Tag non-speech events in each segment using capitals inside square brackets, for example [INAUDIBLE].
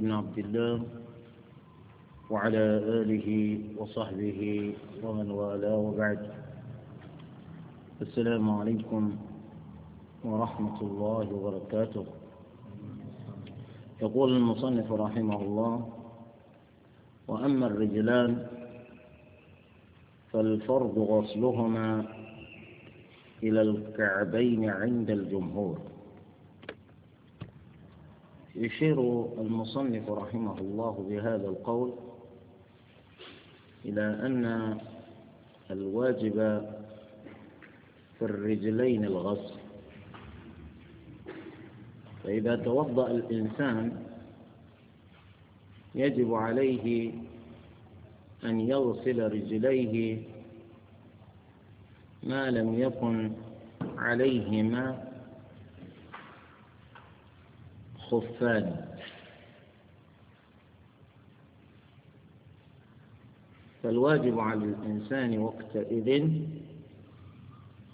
بن عبد الله وعلى آله وصحبه ومن والاه وبعد السلام عليكم ورحمة الله وبركاته يقول المصنف رحمه الله وأما الرجلان فالفرض غسلهما إلى الكعبين عند الجمهور يشير المصنف رحمه الله بهذا القول إلى أن الواجب في الرجلين الغسل فإذا توضأ الإنسان يجب عليه أن يغسل رجليه ما لم يكن عليهما خفان فالواجب على الإنسان وقتئذ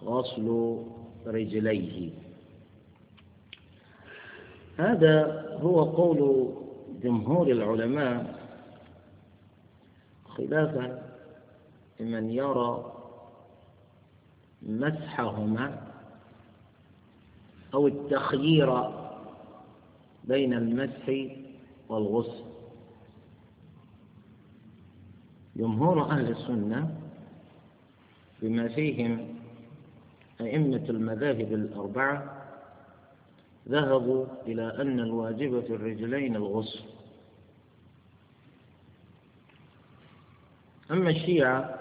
غسل رجليه هذا هو قول جمهور العلماء خلافا لمن يرى مسحهما أو التخيير بين المسح والغسل جمهور أهل السنة بما فيهم أئمة المذاهب الأربعة ذهبوا إلى أن الواجب في الرجلين الغسل أما الشيعة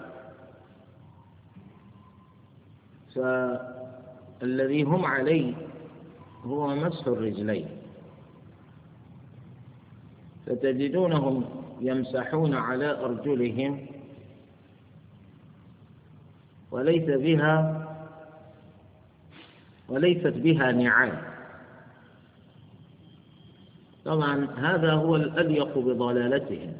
فالذي هم عليه هو مسح الرجلين فتجدونهم يمسحون على أرجلهم وليس بها وليست بها نعال طبعا هذا هو الأليق بضلالتهم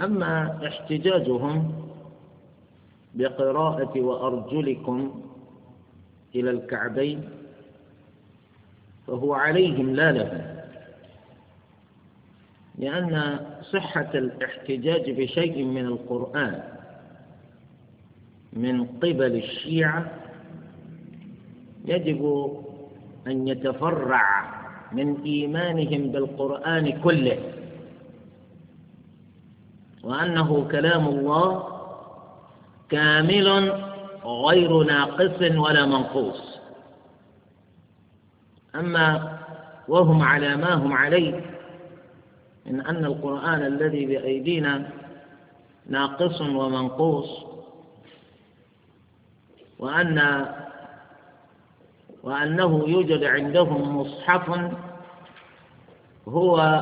أما احتجاجهم بقراءة وأرجلكم إلى الكعبين فهو عليهم لا لهم لأن صحة الاحتجاج بشيء من القرآن من قبل الشيعة يجب أن يتفرع من إيمانهم بالقرآن كله وأنه كلام الله كامل غير ناقص ولا منقوص أما وهم على ما هم عليه من أن القرآن الذي بأيدينا ناقص ومنقوص وأن وأنه يوجد عندهم مصحف هو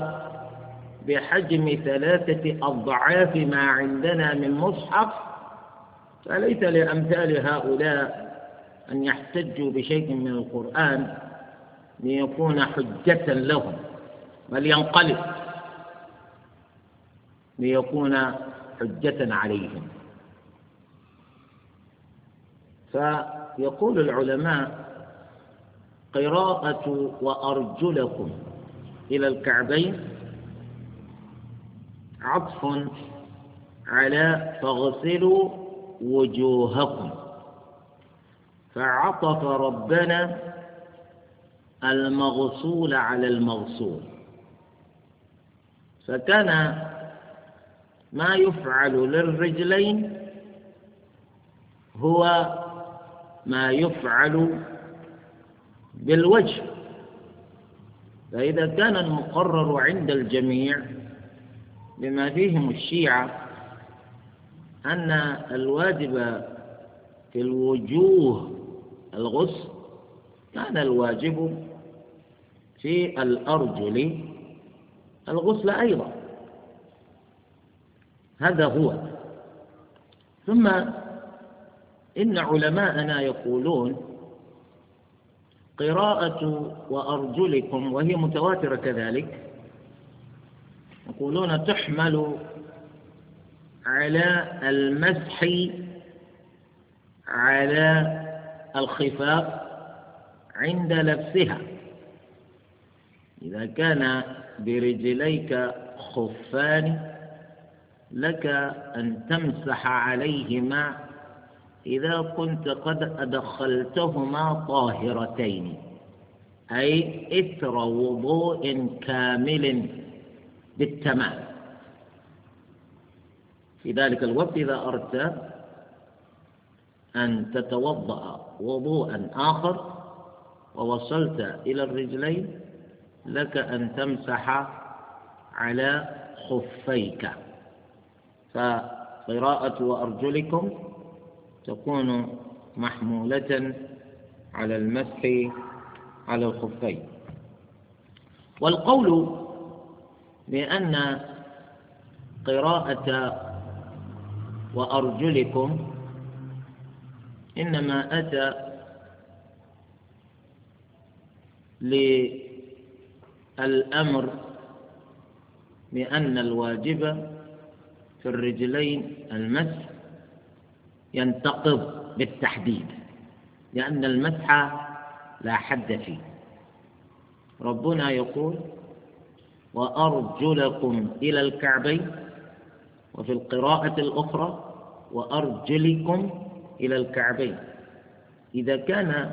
بحجم ثلاثة أضعاف ما عندنا من مصحف فليس لأمثال هؤلاء أن يحتجوا بشيء من القرآن ليكون حجة لهم بل ينقلب ليكون حجة عليهم فيقول العلماء قراءة وأرجلكم إلى الكعبين عطف على فاغسلوا وجوهكم فعطف ربنا المغصول على المغصول فكان ما يفعل للرجلين هو ما يفعل بالوجه فإذا كان المقرر عند الجميع بما فيهم الشيعة أن الواجب في الوجوه الغسل كان الواجب في الأرجل الغسل أيضا هذا هو ثم إن علماءنا يقولون قراءة وأرجلكم وهي متواترة كذلك يقولون تحمل على المسح على الخفاف عند لبسها إذا كان برجليك خفان لك أن تمسح عليهما إذا كنت قد أدخلتهما طاهرتين أي إثر وضوء كامل بالتمام في ذلك الوقت إذا أردت أن تتوضأ وضوءا آخر ووصلت إلى الرجلين لك أن تمسح على خفيك فقراءة وأرجلكم تكون محمولة على المسح على الخفين والقول بأن قراءة وأرجلكم إنما أتى الأمر بأن الواجب في الرجلين المسح ينتقض بالتحديد لأن المسح لا حد فيه ربنا يقول وأرجلكم إلى الكعبين وفي القراءة الأخرى وأرجلكم إلى الكعبين إذا كان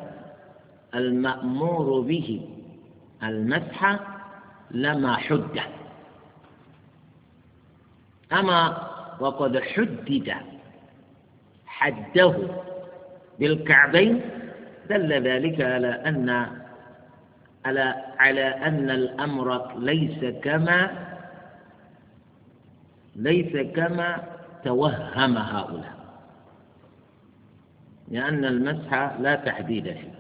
المأمور به المسح لما حد أما وقد حدد حده بالكعبين دل ذلك على أن على على أن الأمر ليس كما ليس كما توهم هؤلاء لأن المسح لا تحديد فيه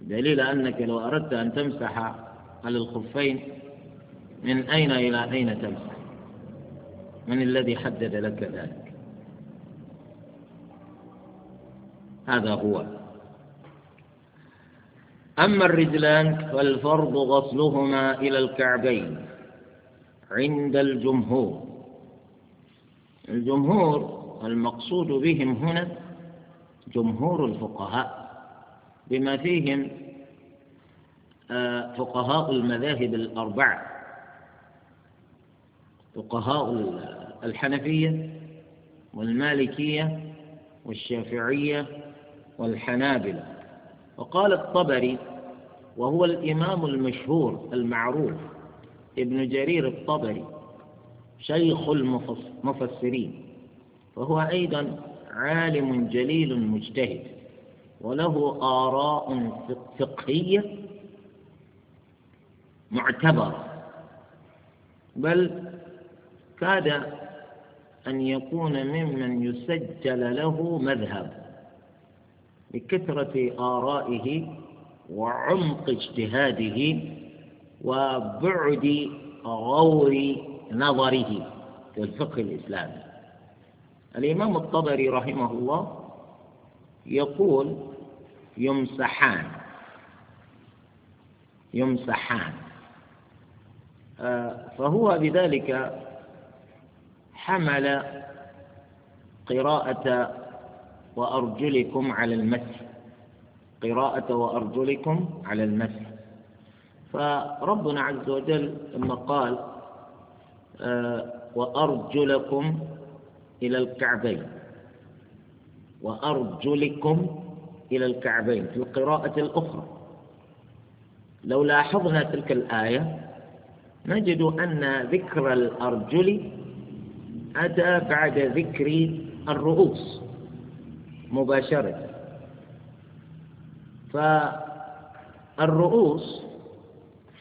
دليل أنك لو أردت أن تمسح هل الخفين من أين إلى أين تمسح من الذي حدد لك ذلك هذا هو أما الرجلان فالفرض غسلهما إلى الكعبين عند الجمهور الجمهور المقصود بهم هنا جمهور الفقهاء بما فيهم فقهاء المذاهب الأربعة فقهاء الحنفية والمالكية والشافعية والحنابلة وقال الطبري وهو الإمام المشهور المعروف ابن جرير الطبري شيخ المفسرين فهو أيضا عالم جليل مجتهد وله آراء فقهية معتبرة بل كاد أن يكون ممن يسجل له مذهب لكثرة آرائه وعمق اجتهاده وبعد غور نظره في الفقه الإسلامي الإمام الطبري رحمه الله يقول يمسحان يمسحان فهو بذلك حمل قراءة وأرجلكم على المسح قراءة وأرجلكم على المسح فربنا عز وجل لما قال وأرجلكم إلى الكعبين وأرجلكم إلى الكعبين في القراءة الأخرى لو لاحظنا تلك الآية نجد أن ذكر الأرجل أتى بعد ذكر الرؤوس مباشرة فالرؤوس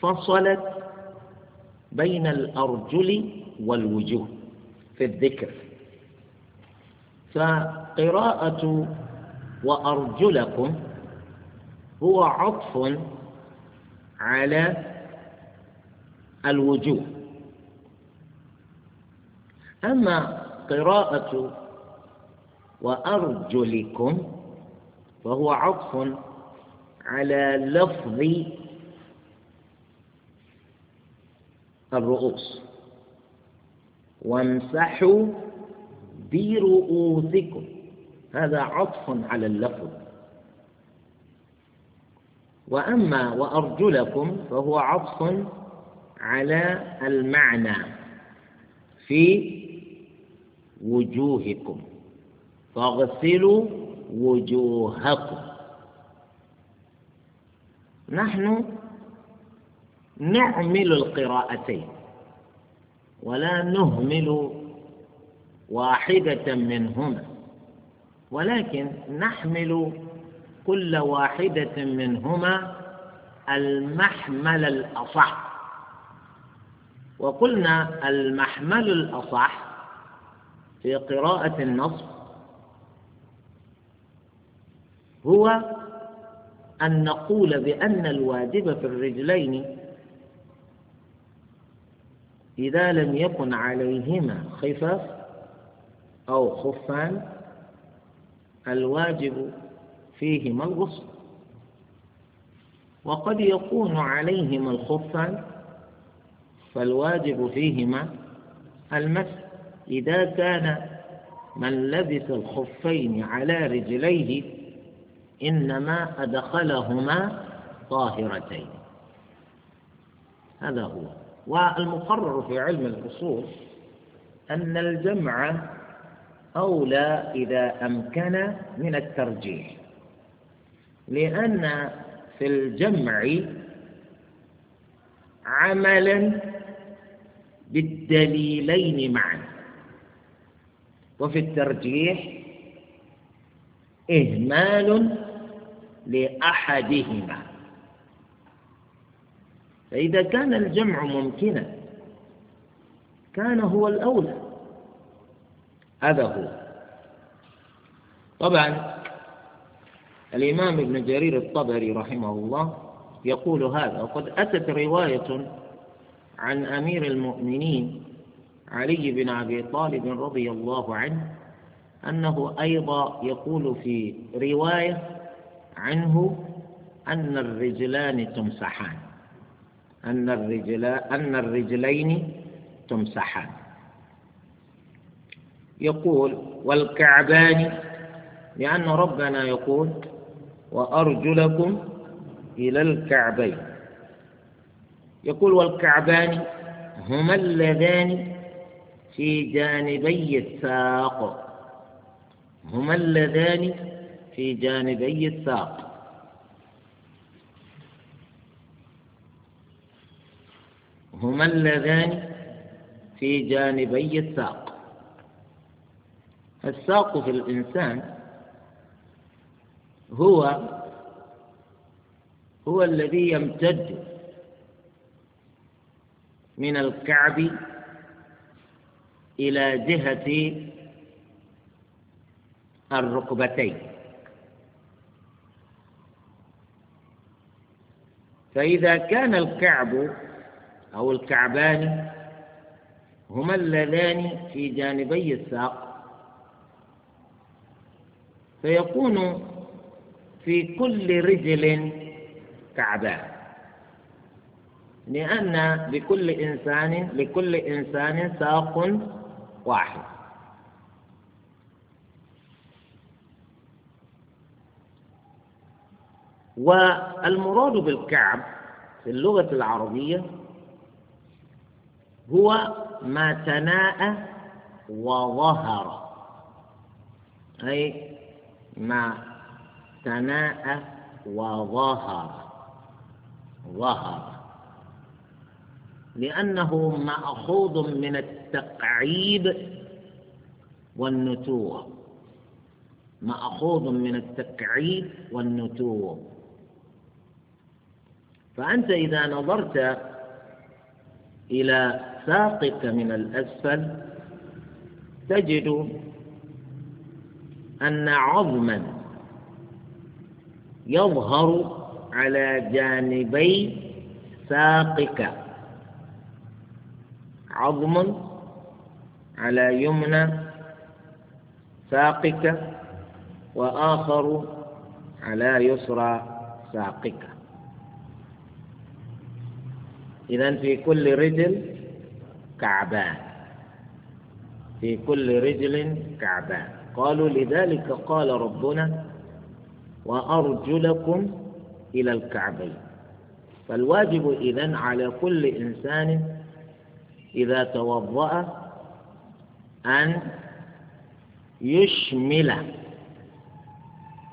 فصلت بين الأرجل والوجوه في الذكر فقراءة وأرجلكم هو عطف على الوجوه أما قراءة وأرجلكم فهو عطف على لفظ الرؤوس وامسحوا برؤوسكم هذا عطف على اللفظ وأما وأرجلكم فهو عطف على المعنى في وجوهكم فاغسلوا وجوهكم نحن نعمل القراءتين ولا نهمل واحدة منهما ولكن نحمل كل واحدة منهما المحمل الأصح وقلنا المحمل الأصح في قراءة النص هو أن نقول بأن الواجب في الرجلين إذا لم يكن عليهما خفاف أو خفان الواجب فيهما الغسل وقد يكون عليهما الخفان فالواجب فيهما المس إذا كان من لبس الخفين على رجليه إنما أدخلهما طاهرتين هذا هو والمقرر في علم الأصول أن الجمع أولى إذا أمكن من الترجيح لأن في الجمع عملا بالدليلين معا وفي الترجيح إهمال لأحدهما فإذا كان الجمع ممكنا كان هو الأولى هذا هو طبعا الإمام ابن جرير الطبري رحمه الله يقول هذا وقد أتت رواية عن أمير المؤمنين علي بن أبي طالب رضي الله عنه أنه أيضا يقول في رواية عنه أن الرجلان تمسحان أن الرجلا أن الرجلين تمسحان يقول والكعبان لأن ربنا يقول وأرجلكم إلى الكعبين يقول والكعبان هما اللذان في جانبي الساق هما اللذان في جانبي الساق هما اللذان في جانبي الساق الساق في الإنسان هو هو الذي يمتد من الكعب إلى جهة الركبتين فإذا كان الكعب أو الكعبان هما اللذان في جانبي الساق فيكون في كل رجل كعبان لأن لكل إنسان لكل إنسان ساق واحد والمراد بالكعب في اللغة العربية هو ما تناء وظهر أي ما تناء وظهر ظهر لأنه مأخوذ من التقعيب والنتوء مأخوذ من التقعيب والنتوء فأنت إذا نظرت إلى ساقك من الأسفل تجد أن عظما يظهر على جانبي ساقك عظم على يمنى ساقك وآخر على يسرى ساقك إذا في كل رجل كعبان في كل رجل كعبان قالوا لذلك قال ربنا وأرجلكم إلى الكعبين فالواجب إذن على كل إنسان إذا توضأ أن يشمل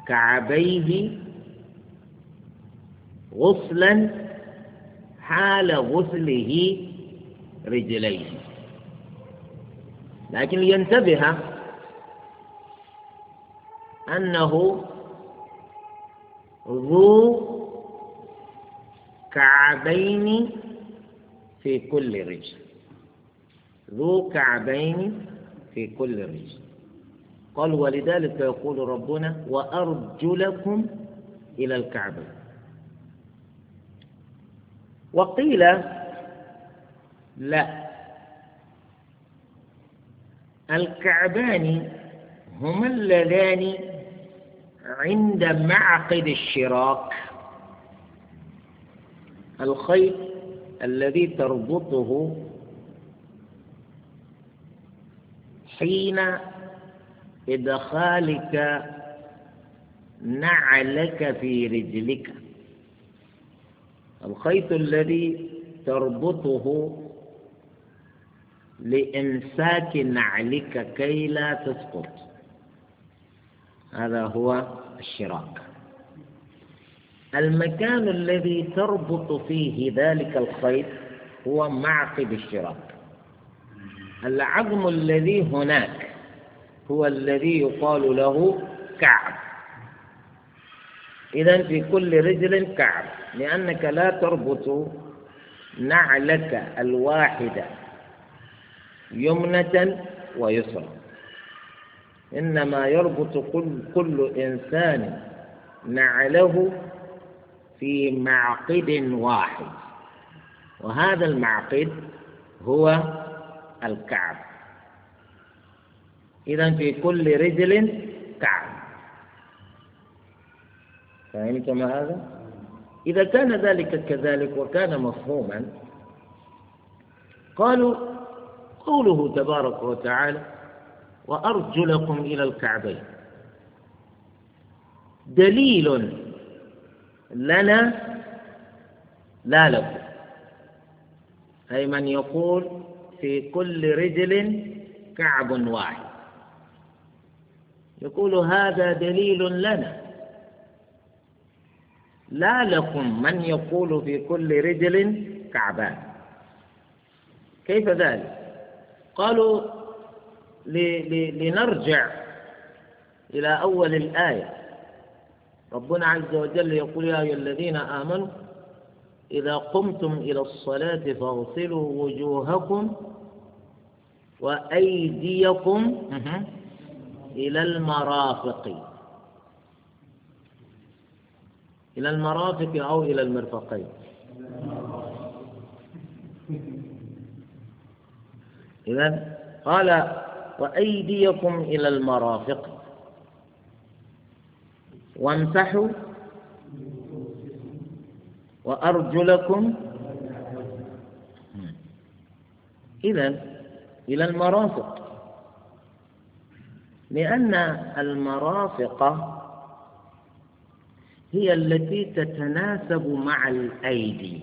كعبيه غسلا حال غسله رجليه لكن لينتبه أنه ذو كعبين في كل رجل ذو كعبين في كل رجل قال ولذلك يقول ربنا وأرجلكم إلى الكعبة وقيل لا الكعبان هما اللذان عند معقد الشراك الخيط الذي تربطه حين إدخالك نعلك في رجلك الخيط الذي تربطه لإمساك نعلك كي لا تسقط هذا هو الشراك المكان الذي تربط فيه ذلك الخيط هو معقد الشراك العظم الذي هناك هو الذي يقال له كعب إذا في كل رجل كعب لأنك لا تربط نعلك الواحدة يمنة ويسرى إنما يربط كل, كل إنسان نعله في معقد واحد وهذا المعقد هو الكعب إذا في كل رجل كعب فهمت ما هذا؟ إذا كان ذلك كذلك وكان مفهوما قالوا قوله تبارك وتعالى وأرجلكم إلى الكعبين دليل لنا لا لكم أي من يقول في كل رجل كعب واحد يقول هذا دليل لنا لا لكم من يقول في كل رجل كعبان كيف ذلك قالوا لنرجع إلى أول الآية ربنا عز وجل يقول يا أيها الذين آمنوا إذا قمتم إلى الصلاة فاغسلوا وجوهكم وأيديكم إلى المرافق إلى المرافق أو إلى المرفقين إذا قال وأيديكم إلى المرافق وامسحوا وأرجلكم إذا إلى المرافق لأن المرافق هي التي تتناسب مع الأيدي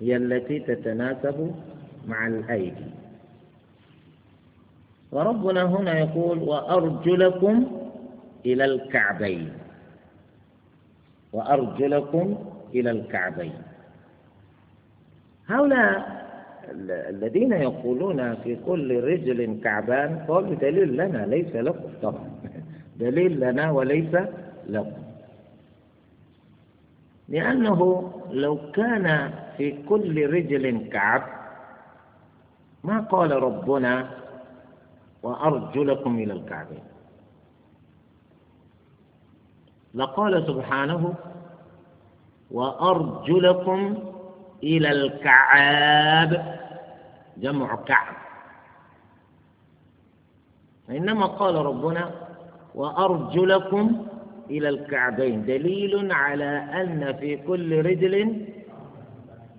هي التي تتناسب مع الأيدي وربنا هنا يقول وأرجلكم إلى الكعبين وأرجلكم إلى الكعبين هؤلاء الذين يقولون في كل رجل كعبان فهو دليل لنا ليس لكم طبعا [LAUGHS] دليل لنا وليس لكم لأنه لو كان في كل رجل كعب ما قال ربنا وأرجلكم إلى الكعبين لقال سبحانه وأرجلكم إلى الكعاب جمع كعب إنما قال ربنا وأرجلكم إلى الكعبين دليل على أن في كل رجل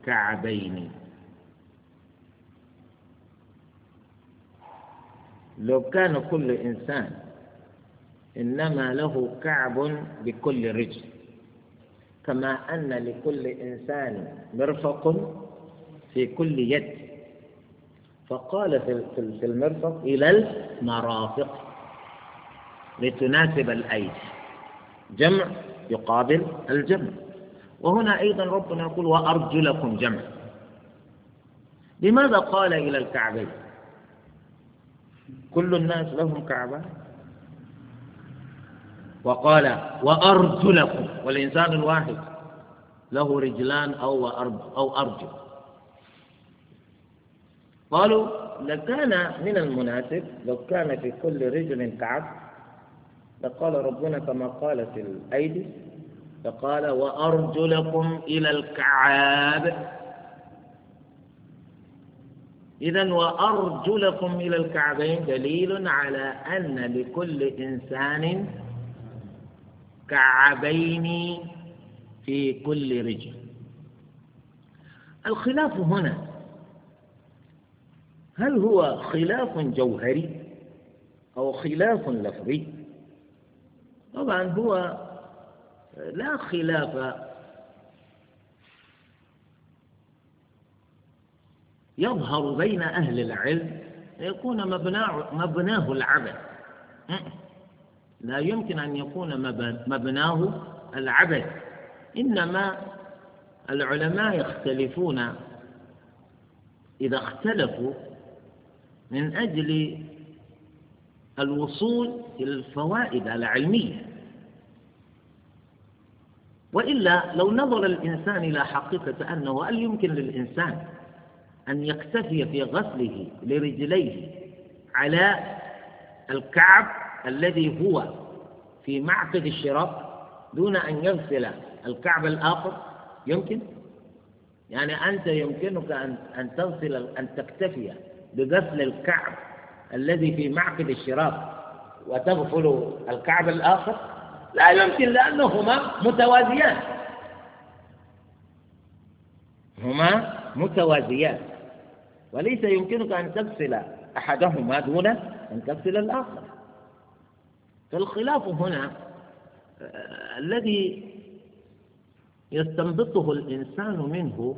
كعبين لو كان كل إنسان إنما له كعب بكل رجل كما أن لكل إنسان مرفق في كل يد فقال في المرفق إلى المرافق لتناسب الأيدي جمع يقابل الجمع وهنا أيضا ربنا يقول وأرجلكم جمع لماذا قال إلى الكعبين كل الناس لهم كعبان وقال وأرجلكم والإنسان الواحد له رجلان أو أو أرجل قالوا لكان من المناسب لو كان في كل رجل كعب لقال ربنا كما قال في الأيدي فقال وأرجلكم إلى الكعاب إذا وأرجلكم إلى الكعبين دليل على أن لكل إنسان كعبين في كل رجل الخلاف هنا هل هو خلاف جوهري أو خلاف لفظي طبعا هو لا خلاف يظهر بين أهل العلم يكون مبناه مبناه العبث لا يمكن أن يكون مبناه العبث إنما العلماء يختلفون إذا اختلفوا من أجل الوصول إلى الفوائد العلمية وإلا لو نظر الإنسان إلى حقيقة أنه هل يمكن للإنسان أن يكتفي في غسله لرجليه على الكعب الذي هو في معقد الشراب دون أن يغسل الكعب الآخر يمكن؟ يعني أنت يمكنك أن أن تغسل أن تكتفي بغسل الكعب الذي في معقد الشراب وتغسل الكعب الآخر؟ لا يمكن لأنهما متوازيان هما متوازيان وليس يمكنك أن تغسل أحدهما دون أن تغسل الآخر فالخلاف هنا آه، الذي يستنبطه الإنسان منه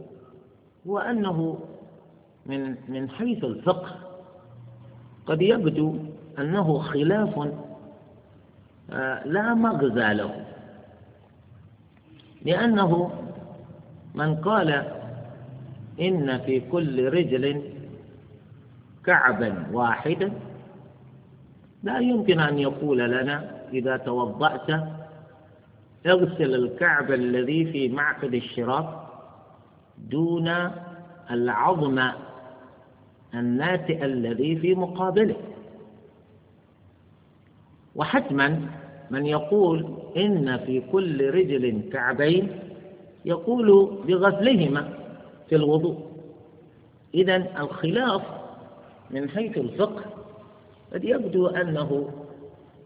هو أنه من من حيث الفقه قد يبدو أنه خلاف آه، لا مغزى له لأنه من قال إن في كل رجل كعبا واحدا لا يمكن أن يقول لنا إذا توضأت اغسل الكعب الذي في معقد الشراك دون العظم الناتئ الذي في مقابله وحتما من يقول إن في كل رجل كعبين يقول بغسلهما في الوضوء إذا الخلاف من حيث الفقه قد يبدو أنه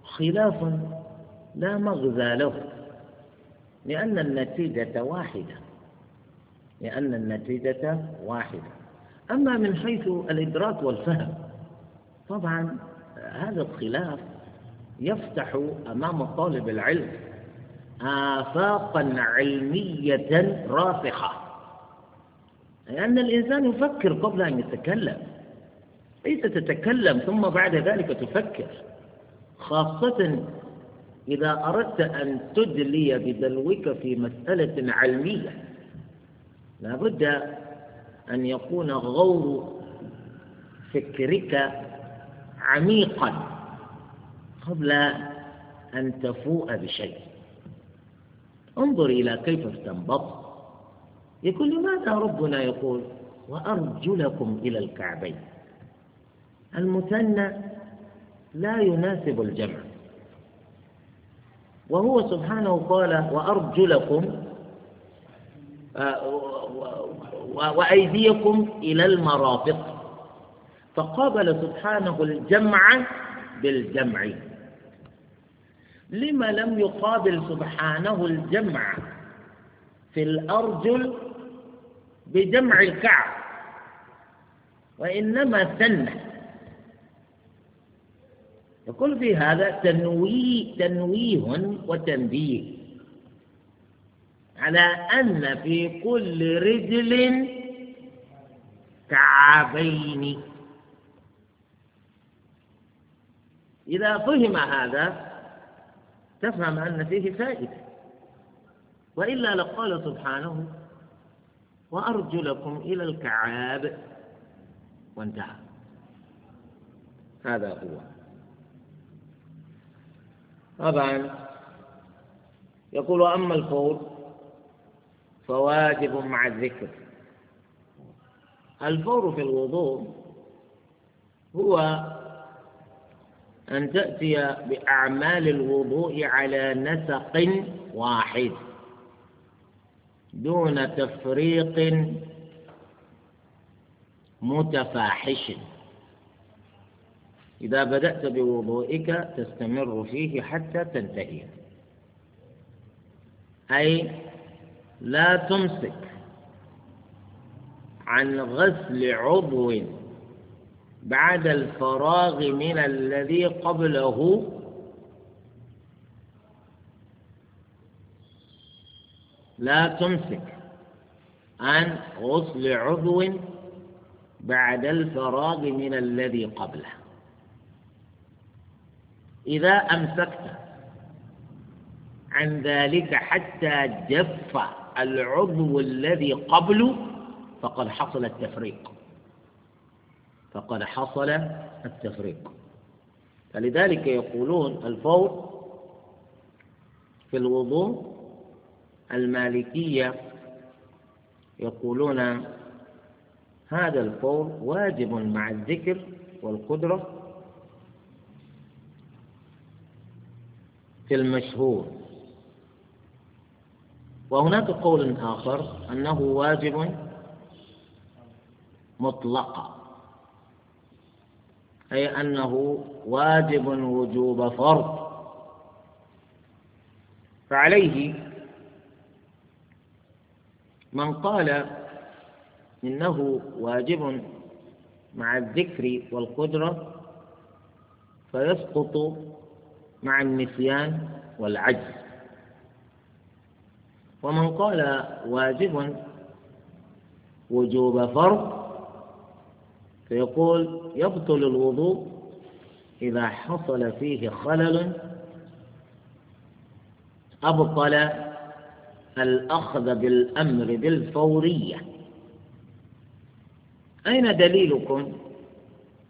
خلاف لا مغزى له لأن النتيجة واحدة لأن النتيجة واحدة أما من حيث الإدراك والفهم طبعا هذا الخلاف يفتح أمام طالب العلم آفاقا علمية راسخة لأن الإنسان يفكر قبل أن يتكلم ليس تتكلم ثم بعد ذلك تفكر خاصة إذا أردت أن تدلي بدلوك في مسألة علمية لابد أن يكون غور فكرك عميقا قبل أن تفوء بشيء انظر إلى كيف استنبط يقول لماذا ربنا يقول وأرجلكم إلى الكعبين المثنى لا يناسب الجمع وهو سبحانه قال وأرجلكم آه، وأيديكم إلى المرافق فقابل سبحانه الجمع بالجمع لما لم يقابل سبحانه الجمع في الأرجل بجمع الكعب وإنما ثنى يقول في هذا تنويه تنويه وتنبيه على أن في كل رجل كعابين إذا فهم هذا تفهم أن فيه فائدة وإلا لقال سبحانه وأرجلكم إلى الكعاب وانتهى هذا هو طبعا يقول وأما الفور فواجب مع الذكر الفور في الوضوء هو أن تأتي بأعمال الوضوء على نسق واحد دون تفريق متفاحش إذا بدأت بوضوئك تستمر فيه حتى تنتهي أي لا تمسك عن غسل عضو بعد الفراغ من الذي قبله لا تمسك عن غسل عضو بعد الفراغ من الذي قبله إذا أمسكت عن ذلك حتى جف العضو الذي قبله فقد حصل التفريق فقد حصل التفريق فلذلك يقولون الفور في الوضوء المالكية يقولون هذا الفور واجب مع الذكر والقدرة في المشهور وهناك قول آخر أنه واجب مطلق أي أنه واجب وجوب فرض فعليه من قال إنه واجب مع الذكر والقدرة فيسقط مع النسيان والعجز ومن قال واجب وجوب فرض فيقول يبطل الوضوء إذا حصل فيه خلل أبطل الأخذ بالأمر بالفورية أين دليلكم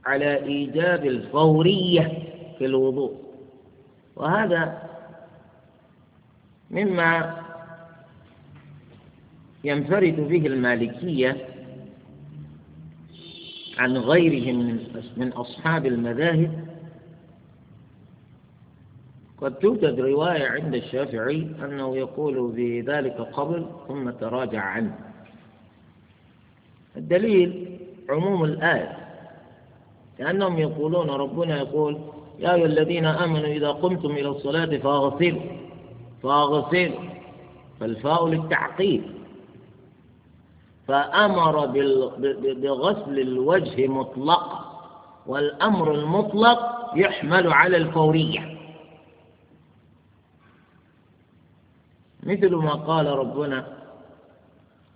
على إيجاب الفورية في الوضوء وهذا مما ينفرد به المالكية عن غيرهم من أصحاب المذاهب قد توجد رواية عند الشافعي أنه يقول بذلك قبل ثم تراجع عنه الدليل عموم الآية لأنهم يقولون ربنا يقول يا أيها الذين آمنوا إذا قمتم إلى الصلاة فاغسلوا فاغسلوا فالفاء للتعقيب فأمر بغسل الوجه مطلقا والأمر المطلق يحمل على الفورية مثل ما قال ربنا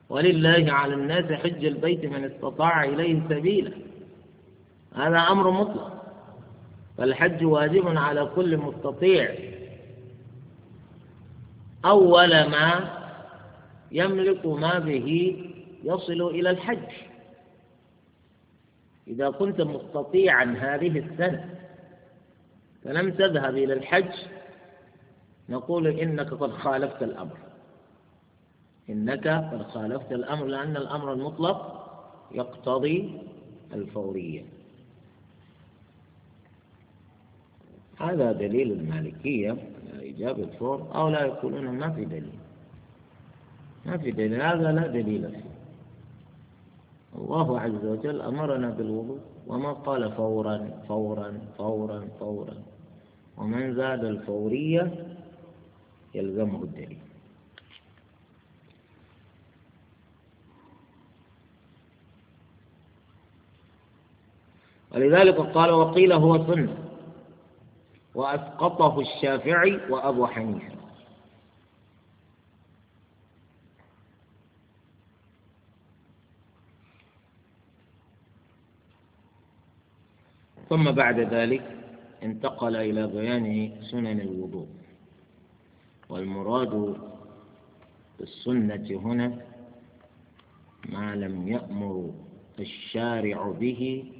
ولله على الناس حج البيت من استطاع إليه سبيلا هذا أمر مطلق فالحج واجب على كل مستطيع أول ما يملك ما به يصل إلى الحج إذا كنت مستطيعا هذه السنة فلم تذهب إلى الحج نقول إنك قد خالفت الأمر إنك قد خالفت الأمر لأن الأمر المطلق يقتضي الفورية هذا دليل المالكية إجابة فور أو لا يقولون ما في دليل ما في دليل هذا لا دليل فيه الله عز وجل أمرنا بالوضوء وما قال فورا فورا فورا فورا ومن زاد الفورية يلزمه الدليل ولذلك قال وقيل هو سنه وأسقطه الشافعي وأبو حنيفة ثم بعد ذلك انتقل إلى بيان سنن الوضوء والمراد بالسنة هنا ما لم يأمر الشارع به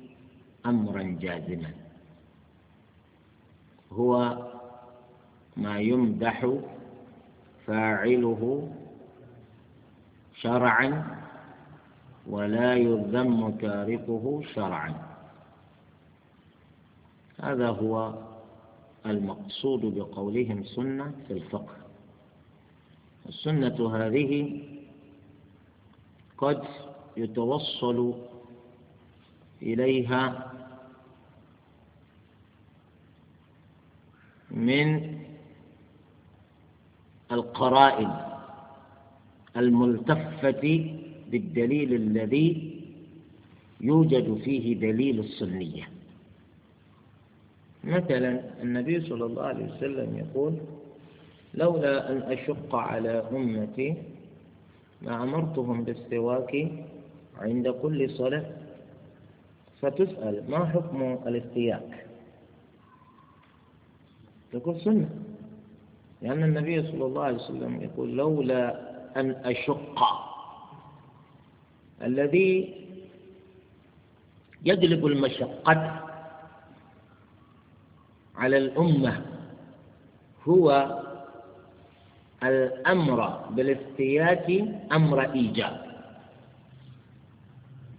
أمرا جازما هو ما يمدح فاعله شرعا ولا يذم تاركه شرعا هذا هو المقصود بقولهم سنة في الفقه السنة هذه قد يتوصل إليها من القرائن الملتفة بالدليل الذي يوجد فيه دليل السنية مثلا النبي صلى الله عليه وسلم يقول لولا أن أشق على أمتي ما أمرتهم بالسواك عند كل صلاة فتسأل ما حكم الاستياك تكون سنة لأن النبي صلى الله عليه وسلم يقول لولا أن أشق الذي يجلب المشقة على الأمة هو الأمر بالافتيات أمر إيجاب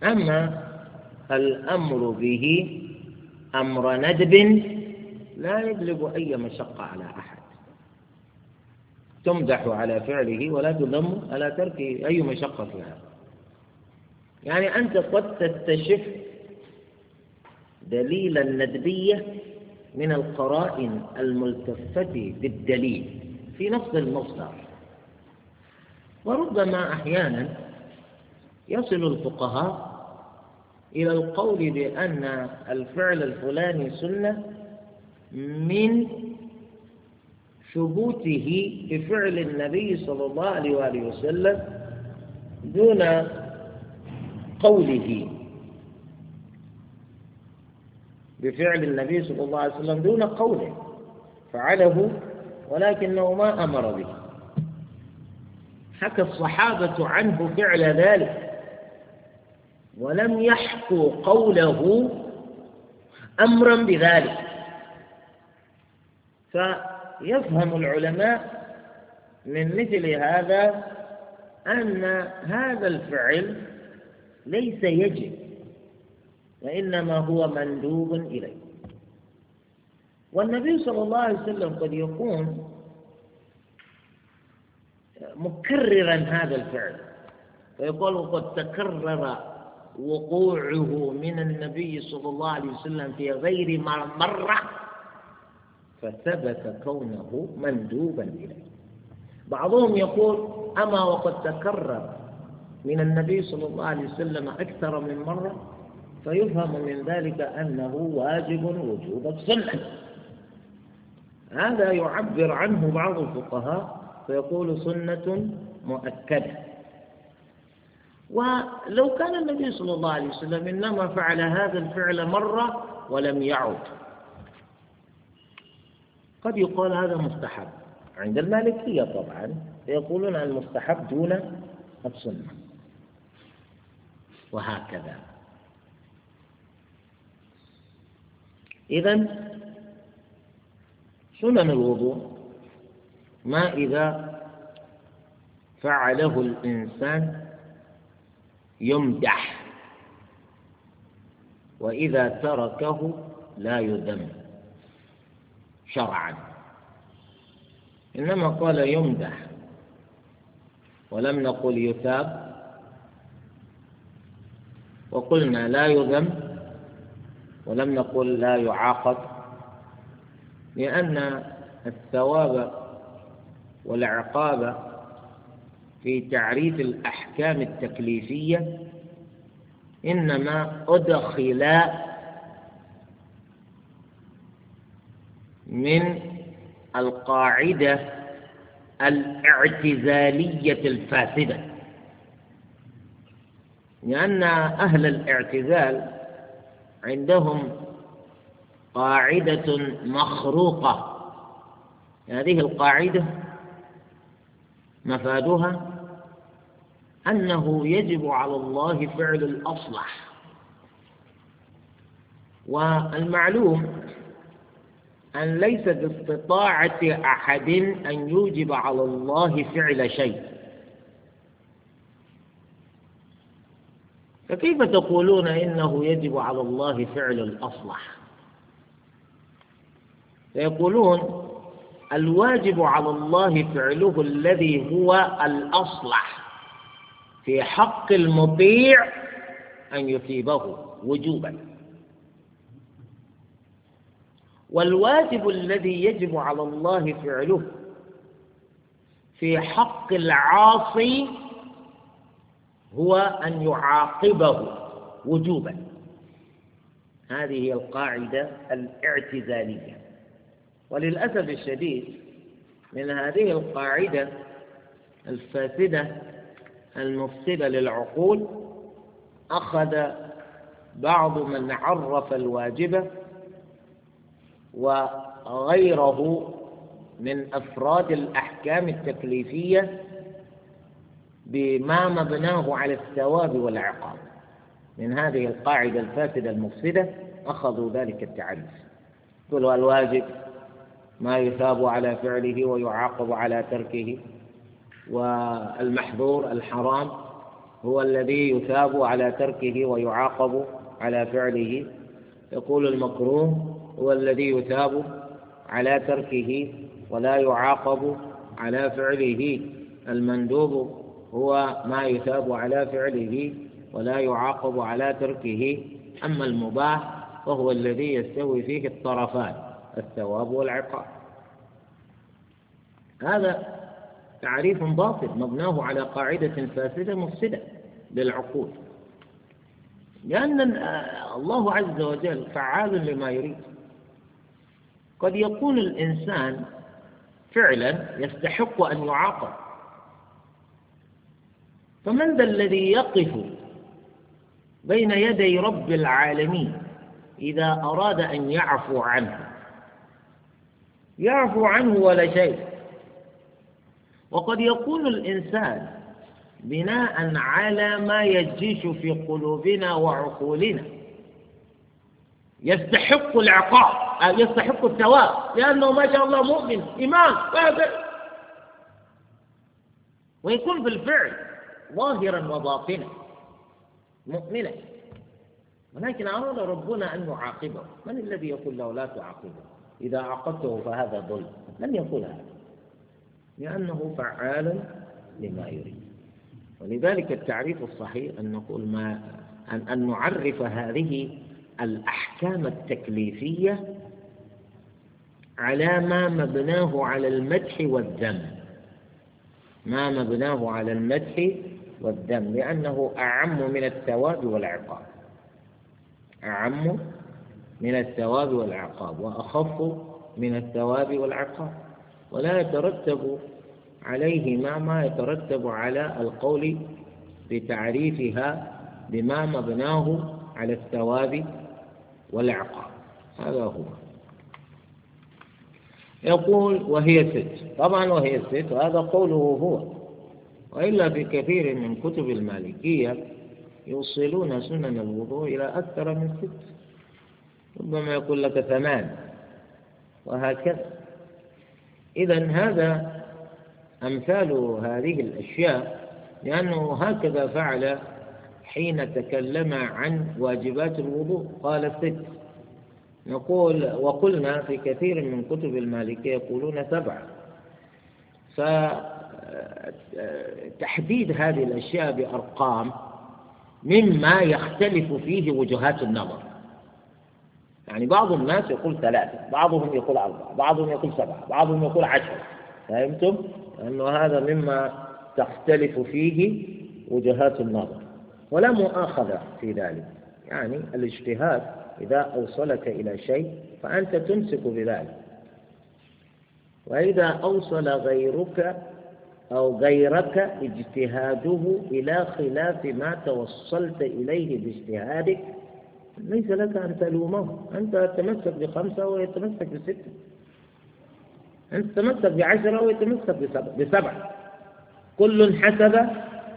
أما الأمر به أمر ندب لا يجلب أي مشقة على أحد تمدح على فعله ولا تذم على تركه أي مشقة في هذا يعني أنت قد تستشف دليل الندبية من القرائن الملتفة بالدليل في نفس المصدر وربما أحيانا يصل الفقهاء إلى القول بأن الفعل الفلاني سنة من ثبوته بفعل النبي صلى الله عليه وآله وسلم دون قوله بفعل النبي صلى الله عليه وسلم دون قوله فعله ولكنه ما أمر به حكى الصحابة عنه فعل ذلك ولم يحكوا قوله أمرا بذلك فيفهم العلماء من مثل هذا أن هذا الفعل ليس يجب وإنما هو مندوب إليه والنبي صلى الله عليه وسلم قد يكون مكررا هذا الفعل فيقول قد تكرر وقوعه من النبي صلى الله عليه وسلم في غير مرة فثبت كونه مندوبا إليه بعضهم يقول أما وقد تكرر من النبي صلى الله عليه وسلم أكثر من مرة فيفهم من ذلك أنه واجب وجوب السنة هذا يعبر عنه بعض الفقهاء فيقول سنة مؤكدة ولو كان النبي صلى الله عليه وسلم إنما فعل هذا الفعل مرة ولم يعد قد يقال هذا مستحب عند المالكية طبعا يقولون المستحب دون السنة وهكذا إذا سنن الوضوء ما إذا فعله الإنسان يمدح وإذا تركه لا يذم شرعا إنما قال يمدح ولم نقل يثاب وقلنا لا يذم ولم نقل لا يعاقب لأن الثواب والعقاب في تعريف الأحكام التكليفية إنما أدخل من القاعدة الاعتزالية الفاسدة لأن أهل الاعتزال عندهم قاعدة مخروقة هذه القاعدة مفادها أنه يجب على الله فعل الأصلح والمعلوم أن ليس باستطاعة أحد أن يوجب على الله فعل شيء فكيف تقولون إنه يجب على الله فعل الأصلح فيقولون الواجب على الله فعله الذي هو الأصلح في حق المطيع أن يثيبه وجوبا والواجب الذي يجب على الله فعله في حق العاصي هو أن يعاقبه وجوبا هذه هي القاعدة الاعتزالية وللأسف الشديد من هذه القاعدة الفاسدة المفسدة للعقول أخذ بعض من عرف الواجب وغيره من أفراد الأحكام التكليفية بما مبناه على الثواب والعقاب من هذه القاعدة الفاسدة المفسدة أخذوا ذلك التعريف قل الواجب ما يثاب على فعله ويعاقب على تركه والمحظور الحرام هو الذي يثاب على تركه ويعاقب على فعله يقول المكروه هو الذي يثاب على تركه ولا يعاقب على فعله المندوب هو ما يثاب على فعله ولا يعاقب على تركه أما المباح فهو الذي يستوي فيه الطرفان الثواب والعقاب هذا تعريف باطل مبناه على قاعدة فاسدة مفسدة للعقول لأن الله عز وجل فعال لما يريد قد يكون الإنسان فعلا يستحق أن يعاقب فمن ذا الذي يقف بين يدي رب العالمين إذا أراد أن يعفو عنه يعفو عنه ولا شيء وقد يكون الإنسان بناء على ما يجيش في قلوبنا وعقولنا يستحق العقاب يستحق الثواب لأنه ما شاء الله مؤمن إمام ويكون بالفعل ظاهرا وباطنا مؤمنا ولكن أراد ربنا أن نعاقبه من الذي يقول له لا تعاقبه إذا عاقبته فهذا ظلم لم يقول هذا لأنه فعال لما يريد ولذلك التعريف الصحيح أن نقول ما أن, أن نعرف هذه الأحكام التكليفية على ما مبناه على المدح والذم ما مبناه على المدح والذم لأنه أعم من الثواب والعقاب أعم من الثواب والعقاب وأخف من الثواب والعقاب ولا يترتب عليهما ما يترتب على القول بتعريفها بما مبناه على الثواب والعقاب هذا هو يقول وهي ست طبعا وهي ست وهذا قوله هو وإلا في كثير من كتب المالكية يوصلون سنن الوضوء إلى أكثر من ست ربما يقول لك ثمان وهكذا إذا هذا أمثال هذه الأشياء لأنه هكذا فعل حين تكلم عن واجبات الوضوء قال ست يقول وقلنا في كثير من كتب المالكية يقولون سبعة فتحديد هذه الأشياء بأرقام مما يختلف فيه وجهات النظر يعني بعض الناس يقول ثلاثة بعضهم يقول أربعة بعضهم يقول سبعة بعضهم يقول عشرة فهمتم؟ لأنه هذا مما تختلف فيه وجهات النظر ولا مؤاخذة في ذلك يعني الاجتهاد إذا أوصلك إلى شيء فأنت تمسك بذلك وإذا أوصل غيرك أو غيرك اجتهاده إلى خلاف ما توصلت إليه باجتهادك ليس لك أن تلومه أنت تمسك بخمسة ويتمسك بستة أنت تمسك بعشرة ويتمسك بسبعة كل حسب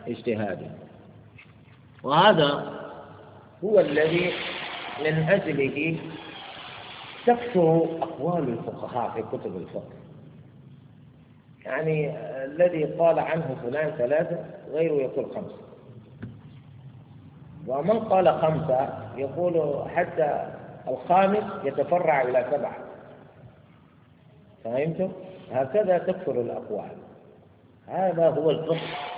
اجتهاده وهذا هو الذي من أجله تكثر أقوال الفقهاء في كتب الفقه يعني الذي قال عنه فلان ثلاثة غيره يقول خمسة ومن قال خمسة يقول حتى الخامس يتفرع إلى سبعة فهمتم؟ هكذا تكثر الأقوال هذا هو الفقه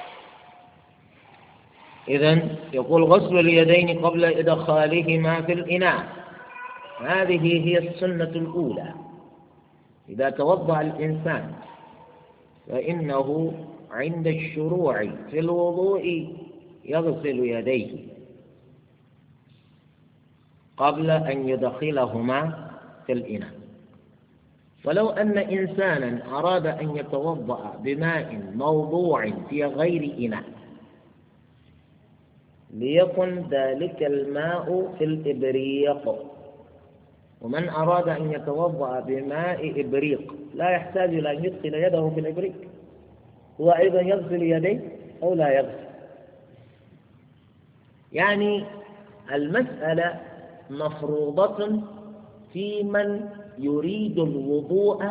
إذا يقول غسل اليدين قبل إدخالهما في الإناء هذه هي السنة الأولى إذا توضأ الإنسان فإنه عند الشروع في الوضوء يغسل يديه قبل أن يدخلهما في الإناء ولو أن إنسانا أراد أن يتوضأ بماء موضوع في غير إناء ليكن ذلك الماء في الإبريق ومن أراد أن يتوضأ بماء إبريق لا يحتاج إلى أن يدخل يده في الإبريق هو أيضا يغسل يديه أو لا يغسل يعني المسألة مفروضة في من يريد الوضوء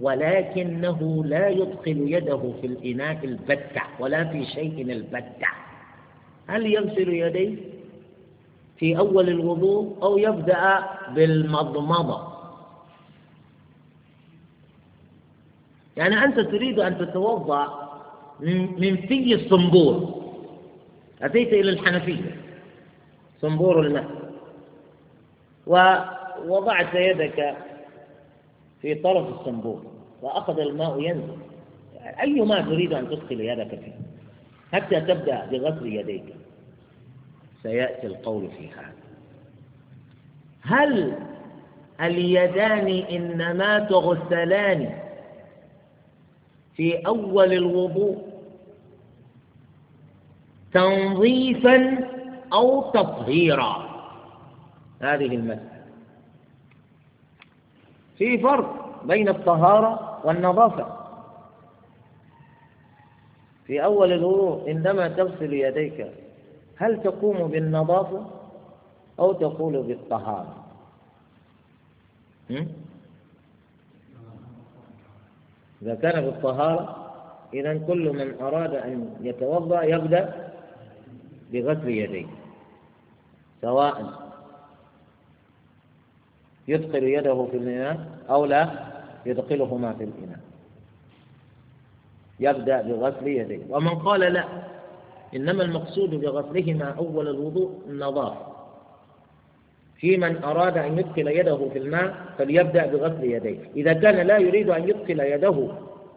ولكنه لا يدخل يده في الإناء البتع ولا في شيء البتع هل يغسل يديه في أول الوضوء أو يبدأ بالمضمضة يعني أنت تريد أن تتوضأ من في الصنبور أتيت إلى الحنفية صنبور الماء ووضعت يدك في طرف الصنبور وأخذ الماء ينزل يعني أي ما تريد أن تدخل يدك فيه حتى تبدأ بغسل يديك سيأتي القول في هذا هل اليدان إنما تغسلان في أول الوضوء تنظيفا أو تطهيرا هذه المسألة في فرق بين الطهارة والنظافة في أول الوضوء عندما تغسل يديك هل تقوم بالنظافة أو تقول بالطهارة إذا كان بالطهارة إذا كل من أراد أن يتوضأ يبدأ بغسل يديه سواء يدخل يده في الإناء أو لا يدخلهما في الإناء يبدأ بغسل يديه ومن قال لا إنما المقصود بغسلهما أول الوضوء النظافة في من أراد أن يدخل يده في الماء فليبدأ بغسل يديه إذا كان لا يريد أن يدخل يده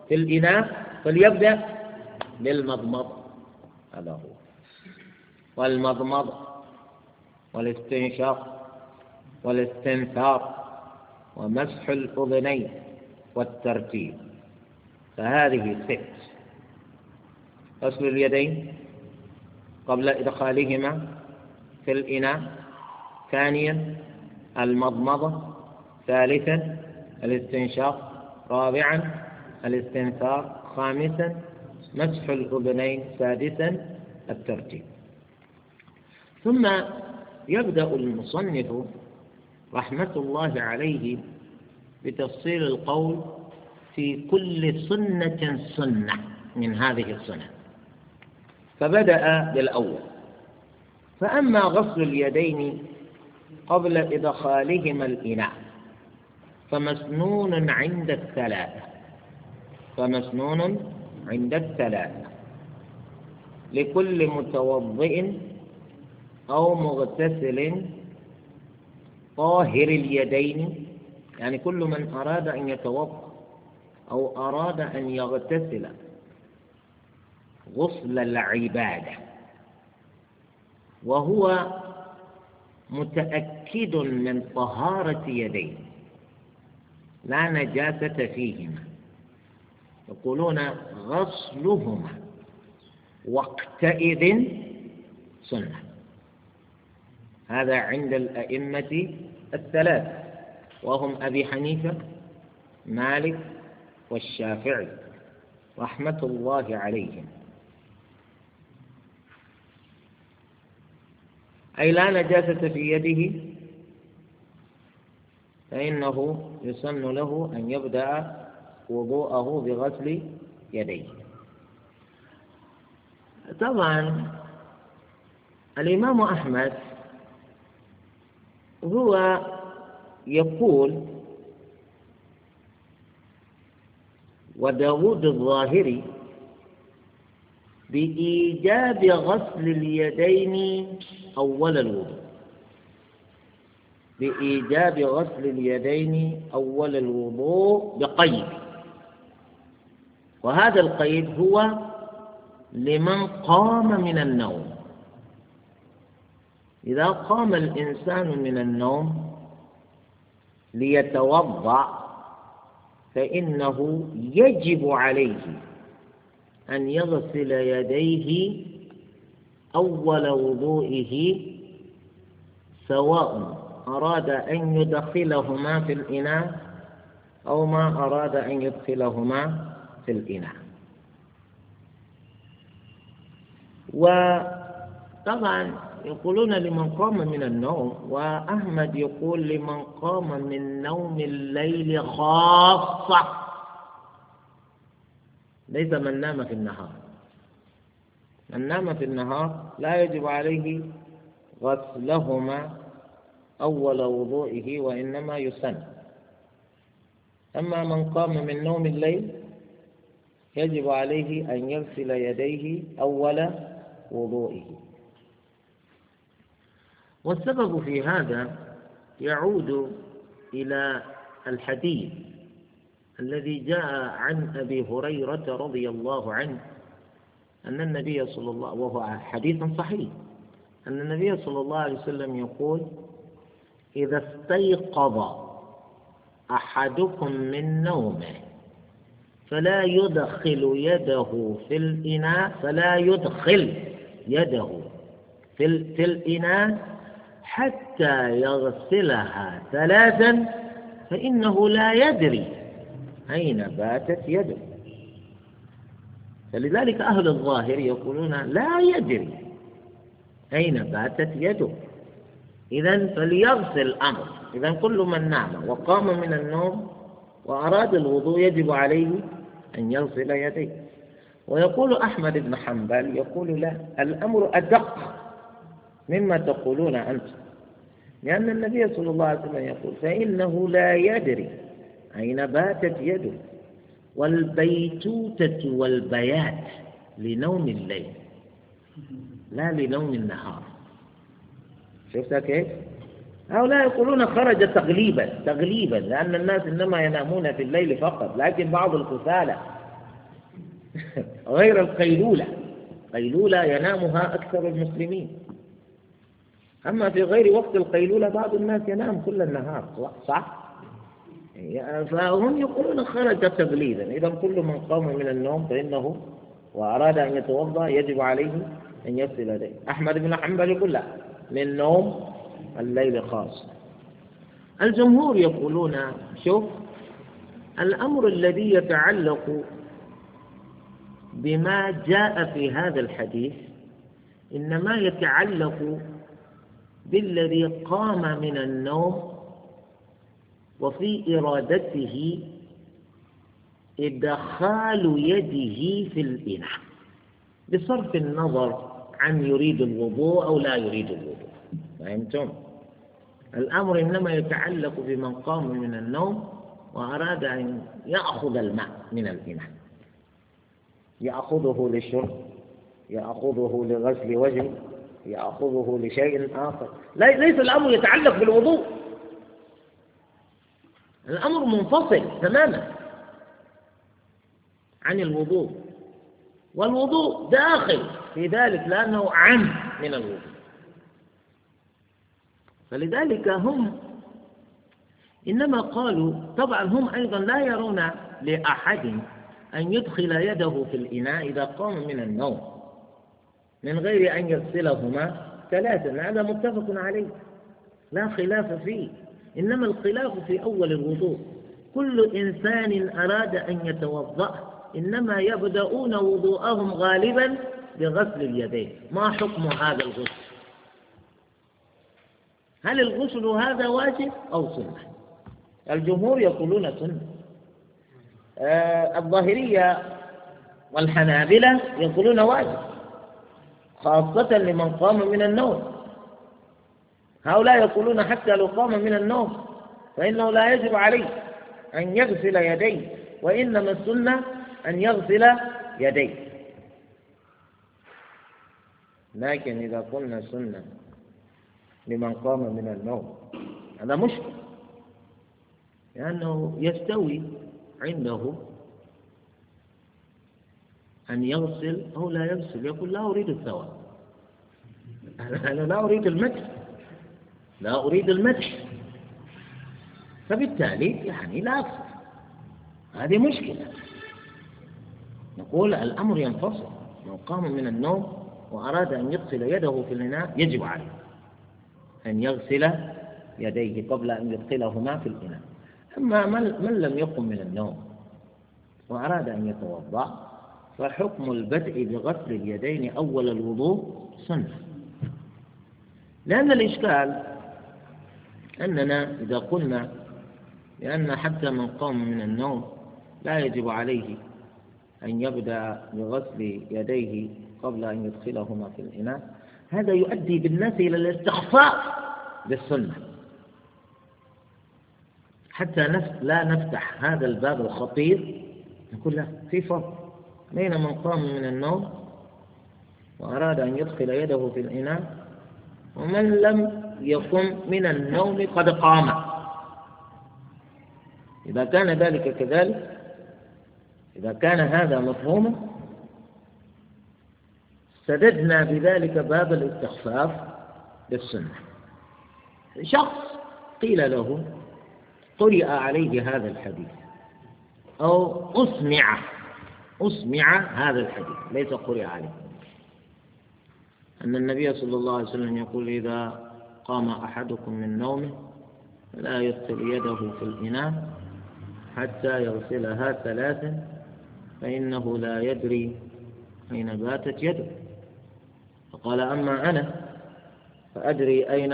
في الإناء فليبدأ بالمضمض هذا هو والمضمض والاستنشاق والاستنثار ومسح الأذنين والترتيب فهذه ست غسل اليدين قبل إدخالهما في الإناء ثانيا المضمضة ثالثا الاستنشاق رابعا الاستنثار خامسا مسح الأذنين سادسا الترتيب ثم يبدأ المصنف رحمة الله عليه بتفصيل القول في كل سنة سنة من هذه السنن فبدأ بالأول فأما غسل اليدين قبل إدخالهما الإناء فمسنون عند الثلاثة فمسنون عند الثلاثة لكل متوضئ أو مغتسل طاهر اليدين يعني كل من أراد أن يتوضأ أو أراد أن يغتسل غسل العبادة وهو متأكد من طهارة يديه لا نجاسة فيهما يقولون غسلهما وقتئذ سنة هذا عند الأئمة الثلاثة وهم أبي حنيفة مالك والشافعي رحمة الله عليهم أي لا نجاسة في يده فإنه يسن له أن يبدأ وضوءه بغسل يديه طبعا الإمام أحمد هو يقول وداود الظاهري بإيجاب غسل اليدين أول الوضوء بإيجاب غسل اليدين أول الوضوء بقيد وهذا القيد هو لمن قام من النوم إذا قام الإنسان من النوم ليتوضأ فإنه يجب عليه أن يغسل يديه أول وضوئه سواء أراد أن يدخلهما في الإناء أو ما أراد أن يدخلهما في الإناء وطبعا يقولون لمن قام من النوم وأحمد يقول لمن قام من نوم الليل خاصة ليس من نام في النهار من نام في النهار لا يجب عليه غسلهما أول وضوئه وإنما يسن أما من قام من نوم الليل يجب عليه أن يغسل يديه أول وضوئه والسبب في هذا يعود إلى الحديث الذي جاء عن أبي هريرة رضي الله عنه أن النبي صلى الله وهو حديث صحيح أن النبي صلى الله عليه وسلم يقول إذا استيقظ أحدكم من نومه فلا يدخل يده في الإناء فلا يدخل يده في, في الإناء حتى يغسلها ثلاثا فإنه لا يدري أين باتت يده فلذلك أهل الظاهر يقولون لا يدري أين باتت يده إذا فليغسل الأمر إذا كل من نام وقام من النوم وأراد الوضوء يجب عليه أن يغسل يديه ويقول أحمد بن حنبل يقول لا الأمر أدق مما تقولون أنتم لأن النبي صلى الله عليه وسلم يقول فإنه لا يدري أين باتت يده والبيتوتة والبيات لنوم الليل لا لنوم النهار شفتها كيف؟ هؤلاء يقولون خرج تغليبا تغليبا لأن الناس إنما ينامون في الليل فقط لكن بعض الكسالى [LAUGHS] غير القيلولة قيلولة ينامها أكثر المسلمين أما في غير وقت القيلولة بعض الناس ينام كل النهار صح؟ إيه، فهم يقولون خرج تقليدا إذا كل من قام من النوم فإنه وأراد أن يتوضأ يجب عليه أن يغسل يديه أحمد بن حنبل يقول لا من نوم الليل خاص الجمهور يقولون شوف الأمر الذي يتعلق بما جاء في هذا الحديث إنما يتعلق بالذي قام من النوم وفي إرادته إدخال يده في الإناء بصرف النظر عن يريد الوضوء أو لا يريد الوضوء فهمتم؟ الأمر إنما يتعلق بمن قام من النوم وأراد أن يأخذ الماء من الإناء يأخذه للشرب يأخذه لغسل وجه يأخذه لشيء آخر ليس الأمر يتعلق بالوضوء الأمر منفصل تماما عن الوضوء والوضوء داخل في ذلك لأنه عم من الوضوء فلذلك هم إنما قالوا طبعا هم أيضا لا يرون لأحد أن يدخل يده في الإناء إذا قام من النوم من غير أن يغسلهما ثلاثا هذا متفق عليه لا خلاف فيه إنما الخلاف في أول الوضوء كل إنسان أراد أن يتوضأ إنما يبدأون وضوءهم غالبا بغسل اليدين ما حكم هذا الغسل هل الغسل هذا واجب أو سنة الجمهور يقولون سنة آه الظاهرية والحنابلة يقولون واجب خاصة لمن قام من النوم هؤلاء يقولون حتى لو قام من النوم فإنه لا يجب عليه أن يغسل يديه وإنما السنة أن يغسل يديه لكن إذا قلنا سنة لمن قام من النوم هذا مشكل لأنه يستوي عنده أن يغسل أو لا يغسل يقول لا أريد الثواب [LAUGHS] أنا لا أريد المكس لا أريد المدح فبالتالي يعني لا أفضل. هذه مشكلة نقول الأمر ينفصل من قام من النوم وأراد أن يغسل يده في الإناء يجب عليه أن يغسل يديه قبل أن يدخلهما في الإناء أما من لم يقم من النوم وأراد أن يتوضأ فحكم البدء بغسل اليدين أول الوضوء سنة لأن الإشكال أننا إذا قلنا لأن حتى من قام من النوم لا يجب عليه أن يبدأ بغسل يديه قبل أن يدخلهما في الإناء هذا يؤدي بالناس إلى الاستخفاء بالسنة حتى لا نفتح هذا الباب الخطير نقول له في فرق بين من قام من النوم وأراد أن يدخل يده في الإناء ومن لم يقوم من النوم قد قام إذا كان ذلك كذلك إذا كان هذا مفهوما سددنا بذلك باب الاستخفاف بالسنة شخص قيل له قرئ عليه هذا الحديث أو أسمع أسمع هذا الحديث ليس قرئ عليه أن النبي صلى الله عليه وسلم يقول إذا قام أحدكم من نومه لا يدخل يده في الإناء حتى يغسلها ثلاثا فإنه لا يدري أين باتت يده فقال أما أنا فأدري أين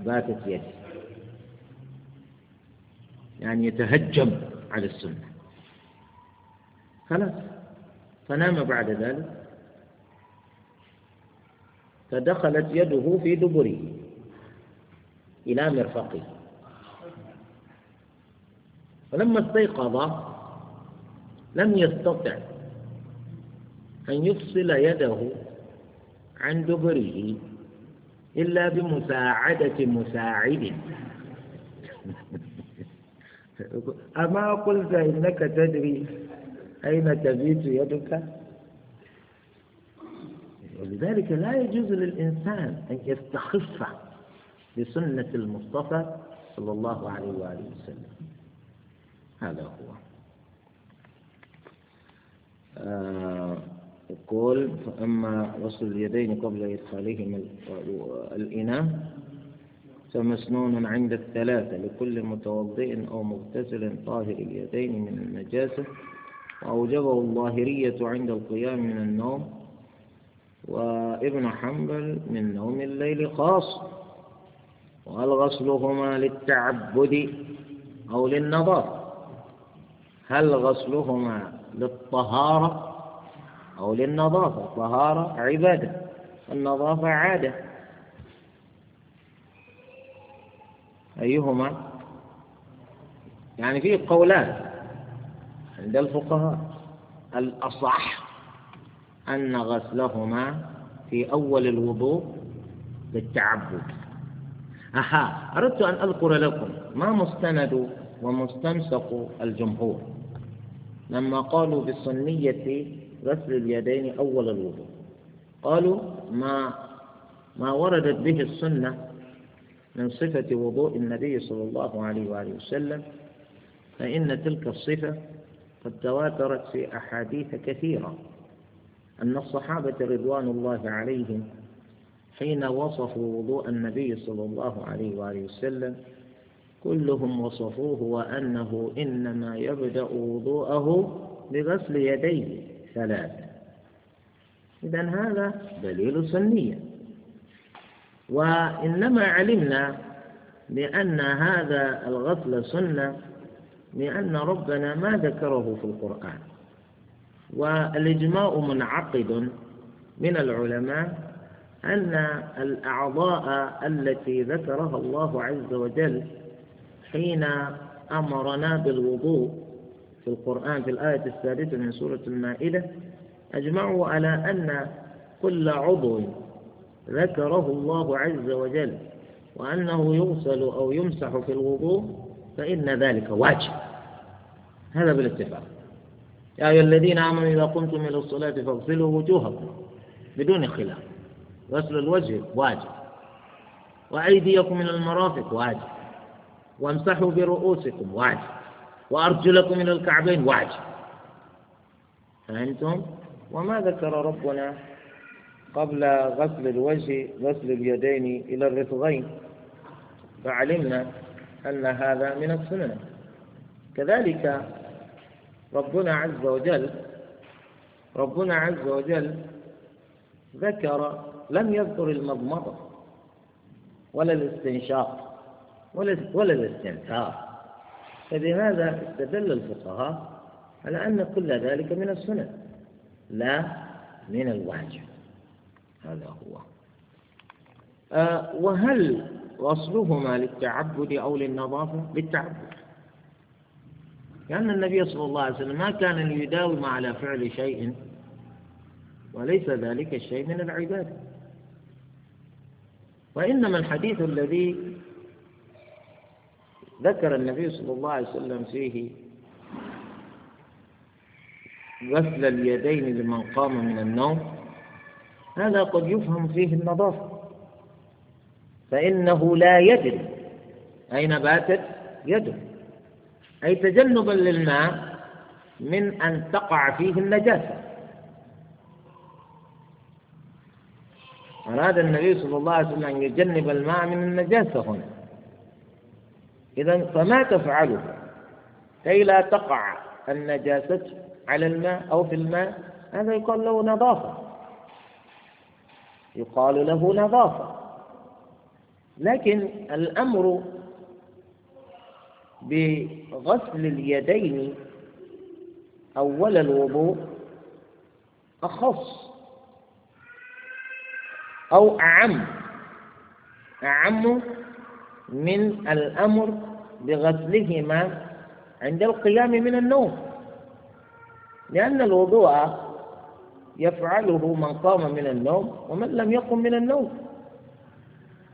باتت يدي يعني يتهجم على السنة خلاص فنام بعد ذلك فدخلت يده في دبره إلى مرفقه ولما استيقظ لم يستطع أن يفصل يده عن دبره إلا بمساعدة مساعد [LAUGHS] أما قلت إنك تدري أين تبيت يدك ولذلك لا يجوز للإنسان أن يستخف بسنة المصطفى صلى الله عليه وآله وسلم هذا هو آه يقول فأما غسل اليدين قبل إدخالهم الإناء فمسنون عند الثلاثة لكل متوضئ أو مغتسل طاهر اليدين من النجاسة وأوجبه الظاهرية عند القيام من النوم وابن حنبل من نوم الليل خاص وهل غسلهما للتعبد أو للنظر هل غسلهما للطهارة أو للنظافة طهارة عبادة النظافة عادة أيهما يعني فيه قولان عند الفقهاء الأصح أن غسلهما في أول الوضوء للتعبد أها أردت أن أذكر لكم ما مستند ومستنسق الجمهور لما قالوا بالسنية غسل اليدين أول الوضوء قالوا ما ما وردت به السنة من صفة وضوء النبي صلى الله عليه وآله وسلم فإن تلك الصفة قد تواترت في أحاديث كثيرة أن الصحابة رضوان الله عليهم حين وصفوا وضوء النبي صلى الله عليه وآله وسلم كلهم وصفوه وأنه إنما يبدأ وضوءه بغسل يديه ثلاث إذا هذا دليل سنية وإنما علمنا بأن هذا الغسل سنة لأن ربنا ما ذكره في القرآن والإجماع منعقد من العلماء أن الأعضاء التي ذكرها الله عز وجل حين أمرنا بالوضوء في القرآن في الآية الثالثة من سورة المائدة أجمعوا على أن كل عضو ذكره الله عز وجل وأنه يغسل أو يمسح في الوضوء فإن ذلك واجب هذا بالاتفاق يا أيها الذين آمنوا إذا قمتم إلى الصلاة فاغسلوا وجوهكم بدون خلاف غسل الوجه واجب وأيديكم من المرافق واجب وامسحوا برؤوسكم واجب وأرجلكم من الكعبين واجب فأنتم وما ذكر ربنا قبل غسل الوجه غسل اليدين إلى الرفغين فعلمنا أن هذا من السنن كذلك ربنا عز وجل ربنا عز وجل ذكر لم يذكر المضمضة ولا الاستنشاق ولا ولا الاستنثار فبماذا استدل الفقهاء على أن كل ذلك من السنن لا من الواجب هذا هو أه وهل وصلهما للتعبد أو للنظافة للتعبد لأن النبي صلى الله عليه وسلم ما كان ليداوم على فعل شيء وليس ذلك الشيء من العبادة وإنما الحديث الذي ذكر النبي صلى الله عليه وسلم فيه غسل اليدين لمن قام من النوم هذا قد يفهم فيه النظافة فإنه لا يدري أين باتت يده أي تجنبا للماء من أن تقع فيه النجاسة أراد النبي صلى الله عليه وسلم أن يجنب الماء من النجاسة هنا إذا فما تفعله كي لا تقع النجاسة على الماء أو في الماء هذا يقال له نظافة يقال له نظافة لكن الأمر بغسل اليدين أول الوضوء أخص أو أعم أعم من الأمر بغسلهما عند القيام من النوم لأن الوضوء يفعله من قام من النوم ومن لم يقم من النوم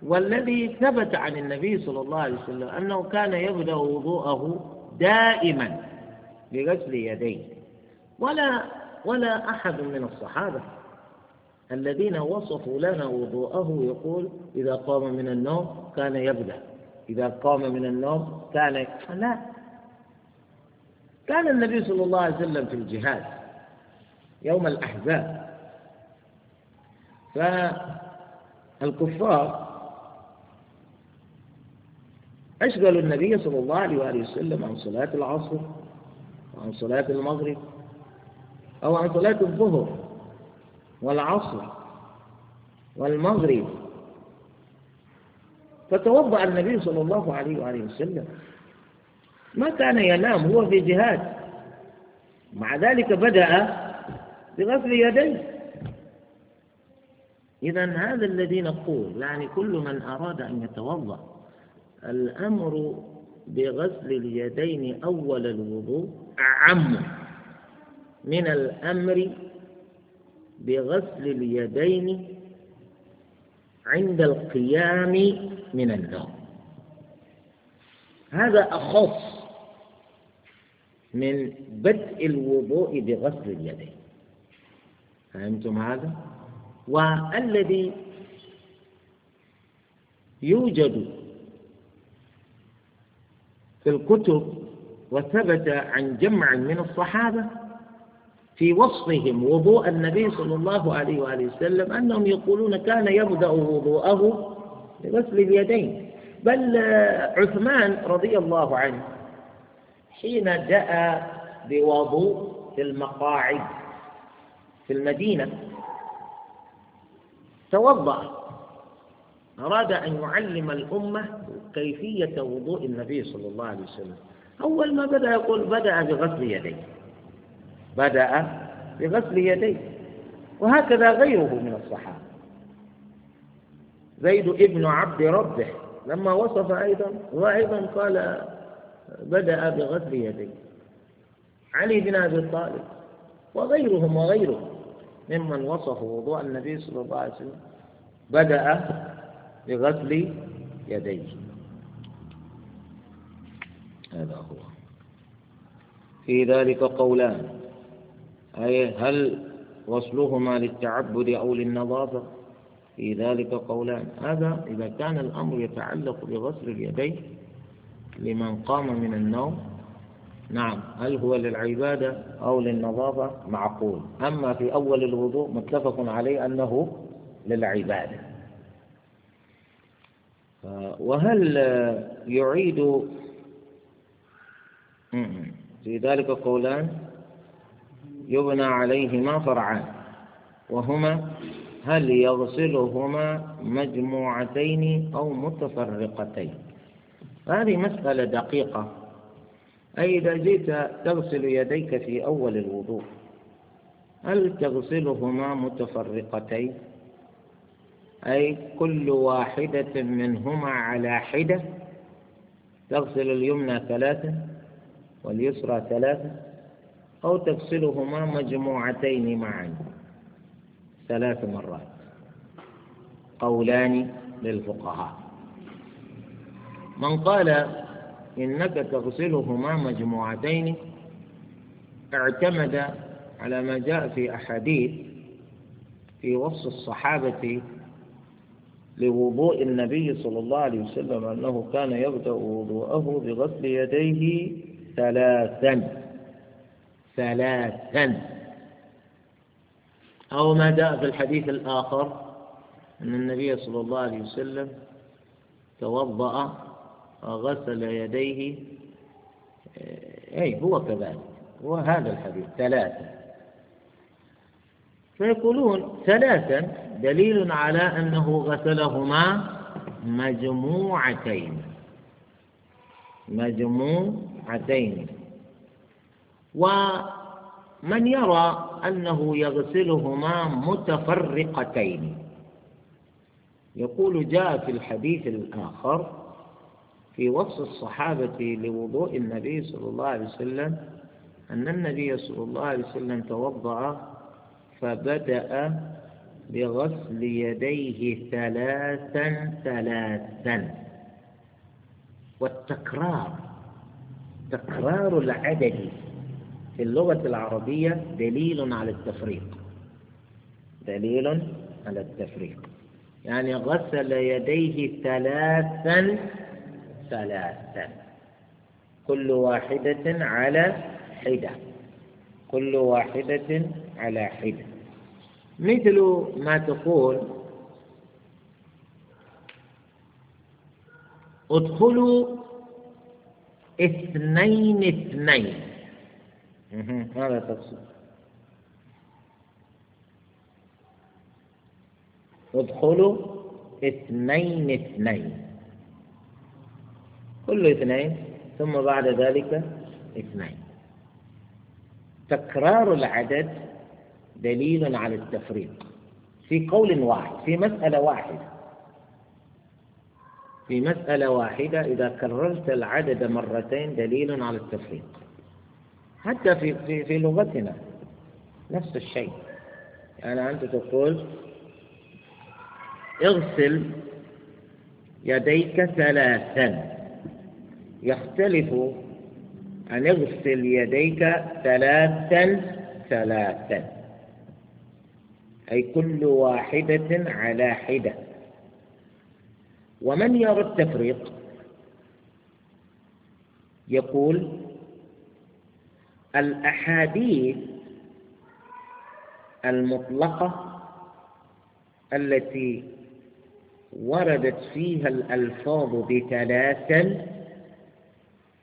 والذي ثبت عن النبي صلى الله عليه وسلم أنه كان يبدأ وضوءه دائما بغسل يديه ولا ولا أحد من الصحابة الذين وصفوا لنا وضوءه يقول إذا قام من النوم كان يبدأ إذا قام من النوم كان لا كان النبي صلى الله عليه وسلم في الجهاد يوم الأحزاب فالكفار أشغلوا النبي صلى الله عليه وآله وسلم عن صلاة العصر وعن صلاة المغرب أو عن صلاة الظهر والعصر والمغرب فتوضأ النبي صلى الله عليه وآله وسلم ما كان ينام هو في جهاد مع ذلك بدأ بغسل يديه إذا هذا الذي نقول يعني كل من أراد أن يتوضأ الأمر بغسل اليدين أول الوضوء أعم من الأمر بغسل اليدين عند القيام من النوم هذا أخص من بدء الوضوء بغسل اليدين فهمتم هذا؟ والذي يوجد في الكتب وثبت عن جمع من الصحابة في وصفهم وضوء النبي صلى الله عليه وآله وسلم أنهم يقولون كان يبدأ وضوءه بغسل اليدين بل عثمان رضي الله عنه حين جاء بوضوء في المقاعد في المدينة توضأ أراد أن يعلم الأمة كيفية وضوء النبي صلى الله عليه وسلم أول ما بدأ يقول بدأ بغسل يديه بدأ بغسل يديه وهكذا غيره من الصحابة زيد ابن عبد ربه لما وصف أيضا وأيضا قال بدأ بغسل يديه علي بن أبي طالب وغيرهم وغيرهم ممن وصفوا وضوء النبي صلى الله عليه وسلم بدأ بغسل يديه هذا هو في ذلك قولان أي هل وصلهما للتعبد أو للنظافة في ذلك قولان هذا إذا كان الأمر يتعلق بغسل اليدين لمن قام من النوم نعم هل هو للعبادة أو للنظافة معقول أما في أول الوضوء متفق عليه أنه للعبادة وهل يعيد في ذلك قولان يبنى عليهما فرعان وهما هل يغسلهما مجموعتين أو متفرقتين هذه مسألة دقيقة أي إذا جئت تغسل يديك في أول الوضوء هل تغسلهما متفرقتين أي كل واحدة منهما على حدة تغسل اليمنى ثلاثة واليسرى ثلاثة أو تفصلهما مجموعتين معا ثلاث مرات قولان للفقهاء من قال إنك تغسلهما مجموعتين اعتمد على ما جاء في أحاديث في وصف الصحابة لوضوء النبي صلى الله عليه وسلم أنه كان يبدأ وضوءه بغسل يديه ثلاثا ثلاثا أو ما جاء في الحديث الآخر أن النبي صلى الله عليه وسلم توضأ وغسل يديه أي هو كذلك هو هذا الحديث ثلاثة فيقولون ثلاثا دليل على أنه غسلهما مجموعتين مجموعتين ومن يرى أنه يغسلهما متفرقتين يقول جاء في الحديث الآخر في وصف الصحابة لوضوء النبي صلى الله عليه وسلم أن النبي صلى الله عليه وسلم توضأ فبدأ بغسل يديه ثلاثا ثلاثا والتكرار تكرار العدد في اللغة العربية دليل على التفريق دليل على التفريق يعني غسل يديه ثلاثا ثلاثا كل واحدة على حدة كل واحدة على حدة مثل ما تقول ادخلوا اثنين اثنين ماذا تقصد ادخلوا اثنين اثنين كل اثنين ثم بعد ذلك اثنين تكرار العدد دليل على التفريق في قول واحد في مسألة واحدة في مسألة واحدة إذا كررت العدد مرتين دليل على التفريق حتى في في, في لغتنا نفس الشيء يعني أنت تقول اغسل يديك ثلاثا يختلف أن اغسل يديك ثلاثا ثلاثا أي كل واحدة على حدة ومن يرى التفريق يقول الأحاديث المطلقة التي وردت فيها الألفاظ بتلاسل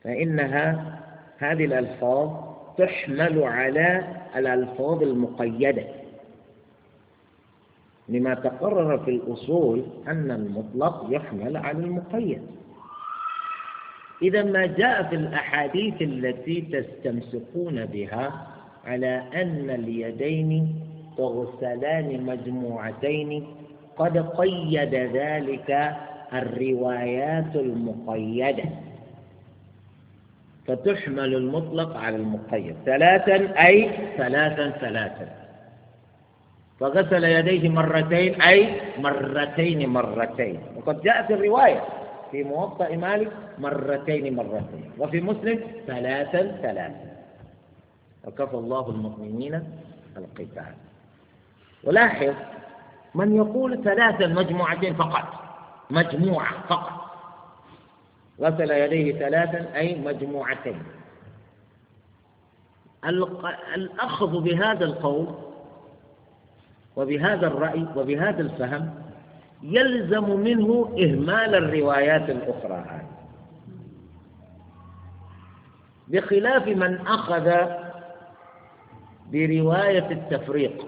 فإنها هذه الألفاظ تحمل على الألفاظ المقيدة لما تقرر في الأصول أن المطلق يحمل على المقيد إذا ما جاء في الأحاديث التي تستمسكون بها على أن اليدين تغسلان مجموعتين قد قيد ذلك الروايات المقيدة فتحمل المطلق على المقيد ثلاثا أي ثلاثا ثلاثا فغسل يديه مرتين أي مرتين مرتين وقد جاءت الرواية في موطأ مالك مرتين مرتين وفي مسلم ثلاثا ثلاثا وكفى الله المؤمنين القتال ولاحظ من يقول ثلاثا مجموعتين فقط مجموعة فقط غسل يديه ثلاثا أي مجموعتين الأخذ بهذا القول وبهذا الرأي وبهذا الفهم يلزم منه إهمال الروايات الأخرى هذه بخلاف من أخذ برواية التفريق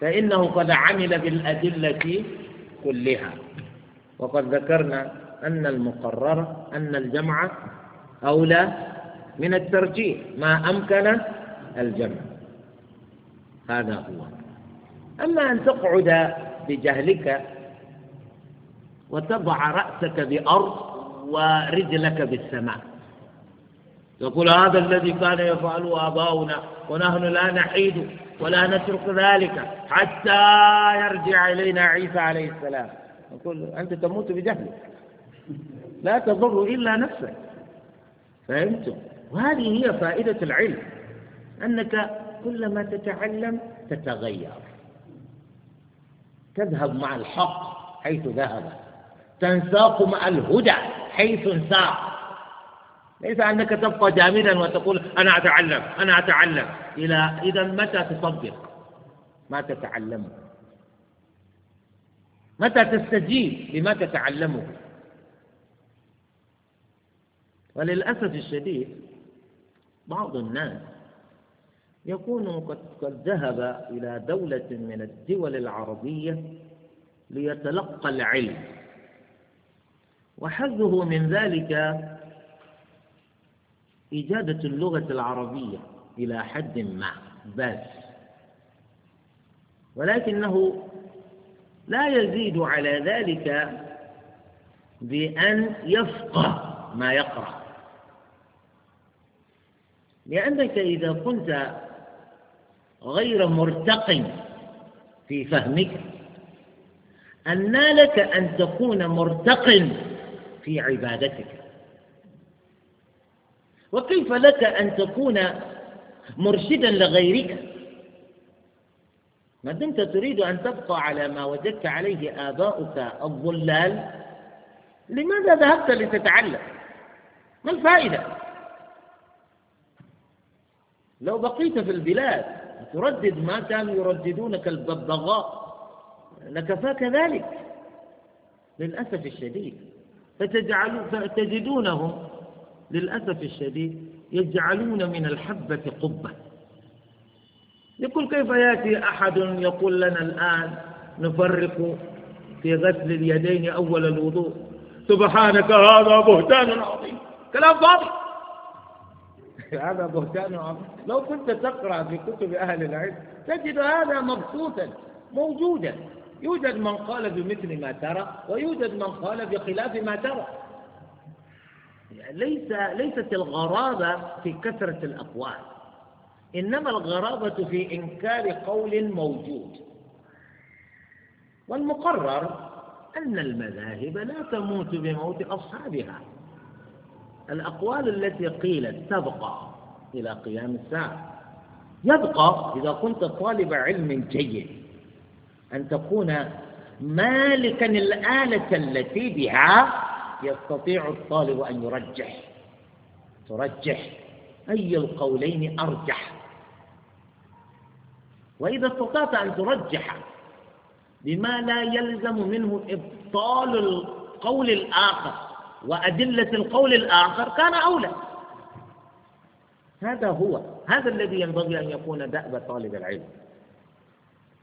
فإنه قد عمل بالأدلة كلها وقد ذكرنا أن المقرر أن الجمع أولى من الترجيح ما أمكن الجمع هذا هو أما أن تقعد بجهلك وتضع رأسك بأرض ورجلك بالسماء يقول هذا الذي كان يفعله آباؤنا ونحن لا نحيد ولا نترك ذلك حتى يرجع إلينا عيسى عليه السلام يقول أنت تموت بجهلك لا تضر إلا نفسك فهمتم وهذه هي فائدة العلم أنك كلما تتعلم تتغير تذهب مع الحق حيث ذهب تنساق مع الهدى حيث انساق ليس أنك تبقى جامدا وتقول أنا أتعلم أنا أتعلم إلى إذا متى تصدق ما تتعلمه متى تستجيب لما تتعلمه وللأسف الشديد بعض الناس يكون قد ذهب إلى دولة من الدول العربية ليتلقى العلم وحظه من ذلك إجادة اللغة العربية إلى حد ما بس ولكنه لا يزيد على ذلك بأن يفقه ما يقرأ لأنك إذا كنت غير مرتق في فهمك أن لك أن تكون مرتق في عبادتك وكيف لك أن تكون مرشدا لغيرك ما دمت تريد أن تبقى على ما وجدت عليه آباؤك الضلال لماذا ذهبت لتتعلم ما الفائدة لو بقيت في البلاد تردد ما كانوا يرددونك الببغاء لكفاك ذلك للأسف الشديد فتجعلوا فتجدونهم للأسف الشديد يجعلون من الحبة قبة يقول كيف يأتي أحد يقول لنا الآن نفرق في غسل اليدين أول الوضوء سبحانك هذا بهتان عظيم كلام فاضي [LAUGHS] هذا بهتان عظيم لو كنت تقرأ في كتب أهل العلم تجد هذا مبسوطا موجودا يوجد من قال بمثل ما ترى ويوجد من قال بخلاف ما ترى ليس ليست الغرابة في كثرة الأقوال إنما الغرابة في إنكار قول موجود والمقرر أن المذاهب لا تموت بموت أصحابها الأقوال التي قيلت تبقى إلى قيام الساعة يبقى إذا كنت طالب علم جيد أن تكون مالكا الآلة التي بها يستطيع الطالب أن يرجح ترجح أي القولين أرجح وإذا استطعت أن ترجح بما لا يلزم منه إبطال القول الآخر وأدلة القول الآخر كان أولى هذا هو هذا الذي ينبغي أن يكون دأب طالب العلم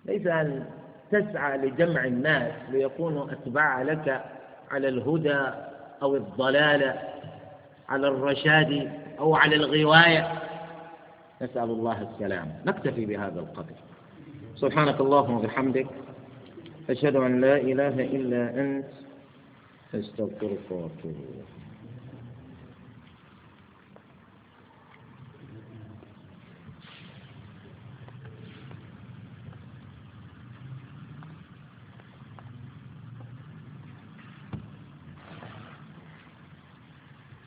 ليس أن تسعى لجمع الناس ليكونوا أتباع لك على الهدى أو الضلالة على الرشاد أو على الغواية نسأل الله السلام نكتفي بهذا القدر سبحانك اللهم وبحمدك أشهد أن لا إله إلا أنت أستغفرك وأتوب إليك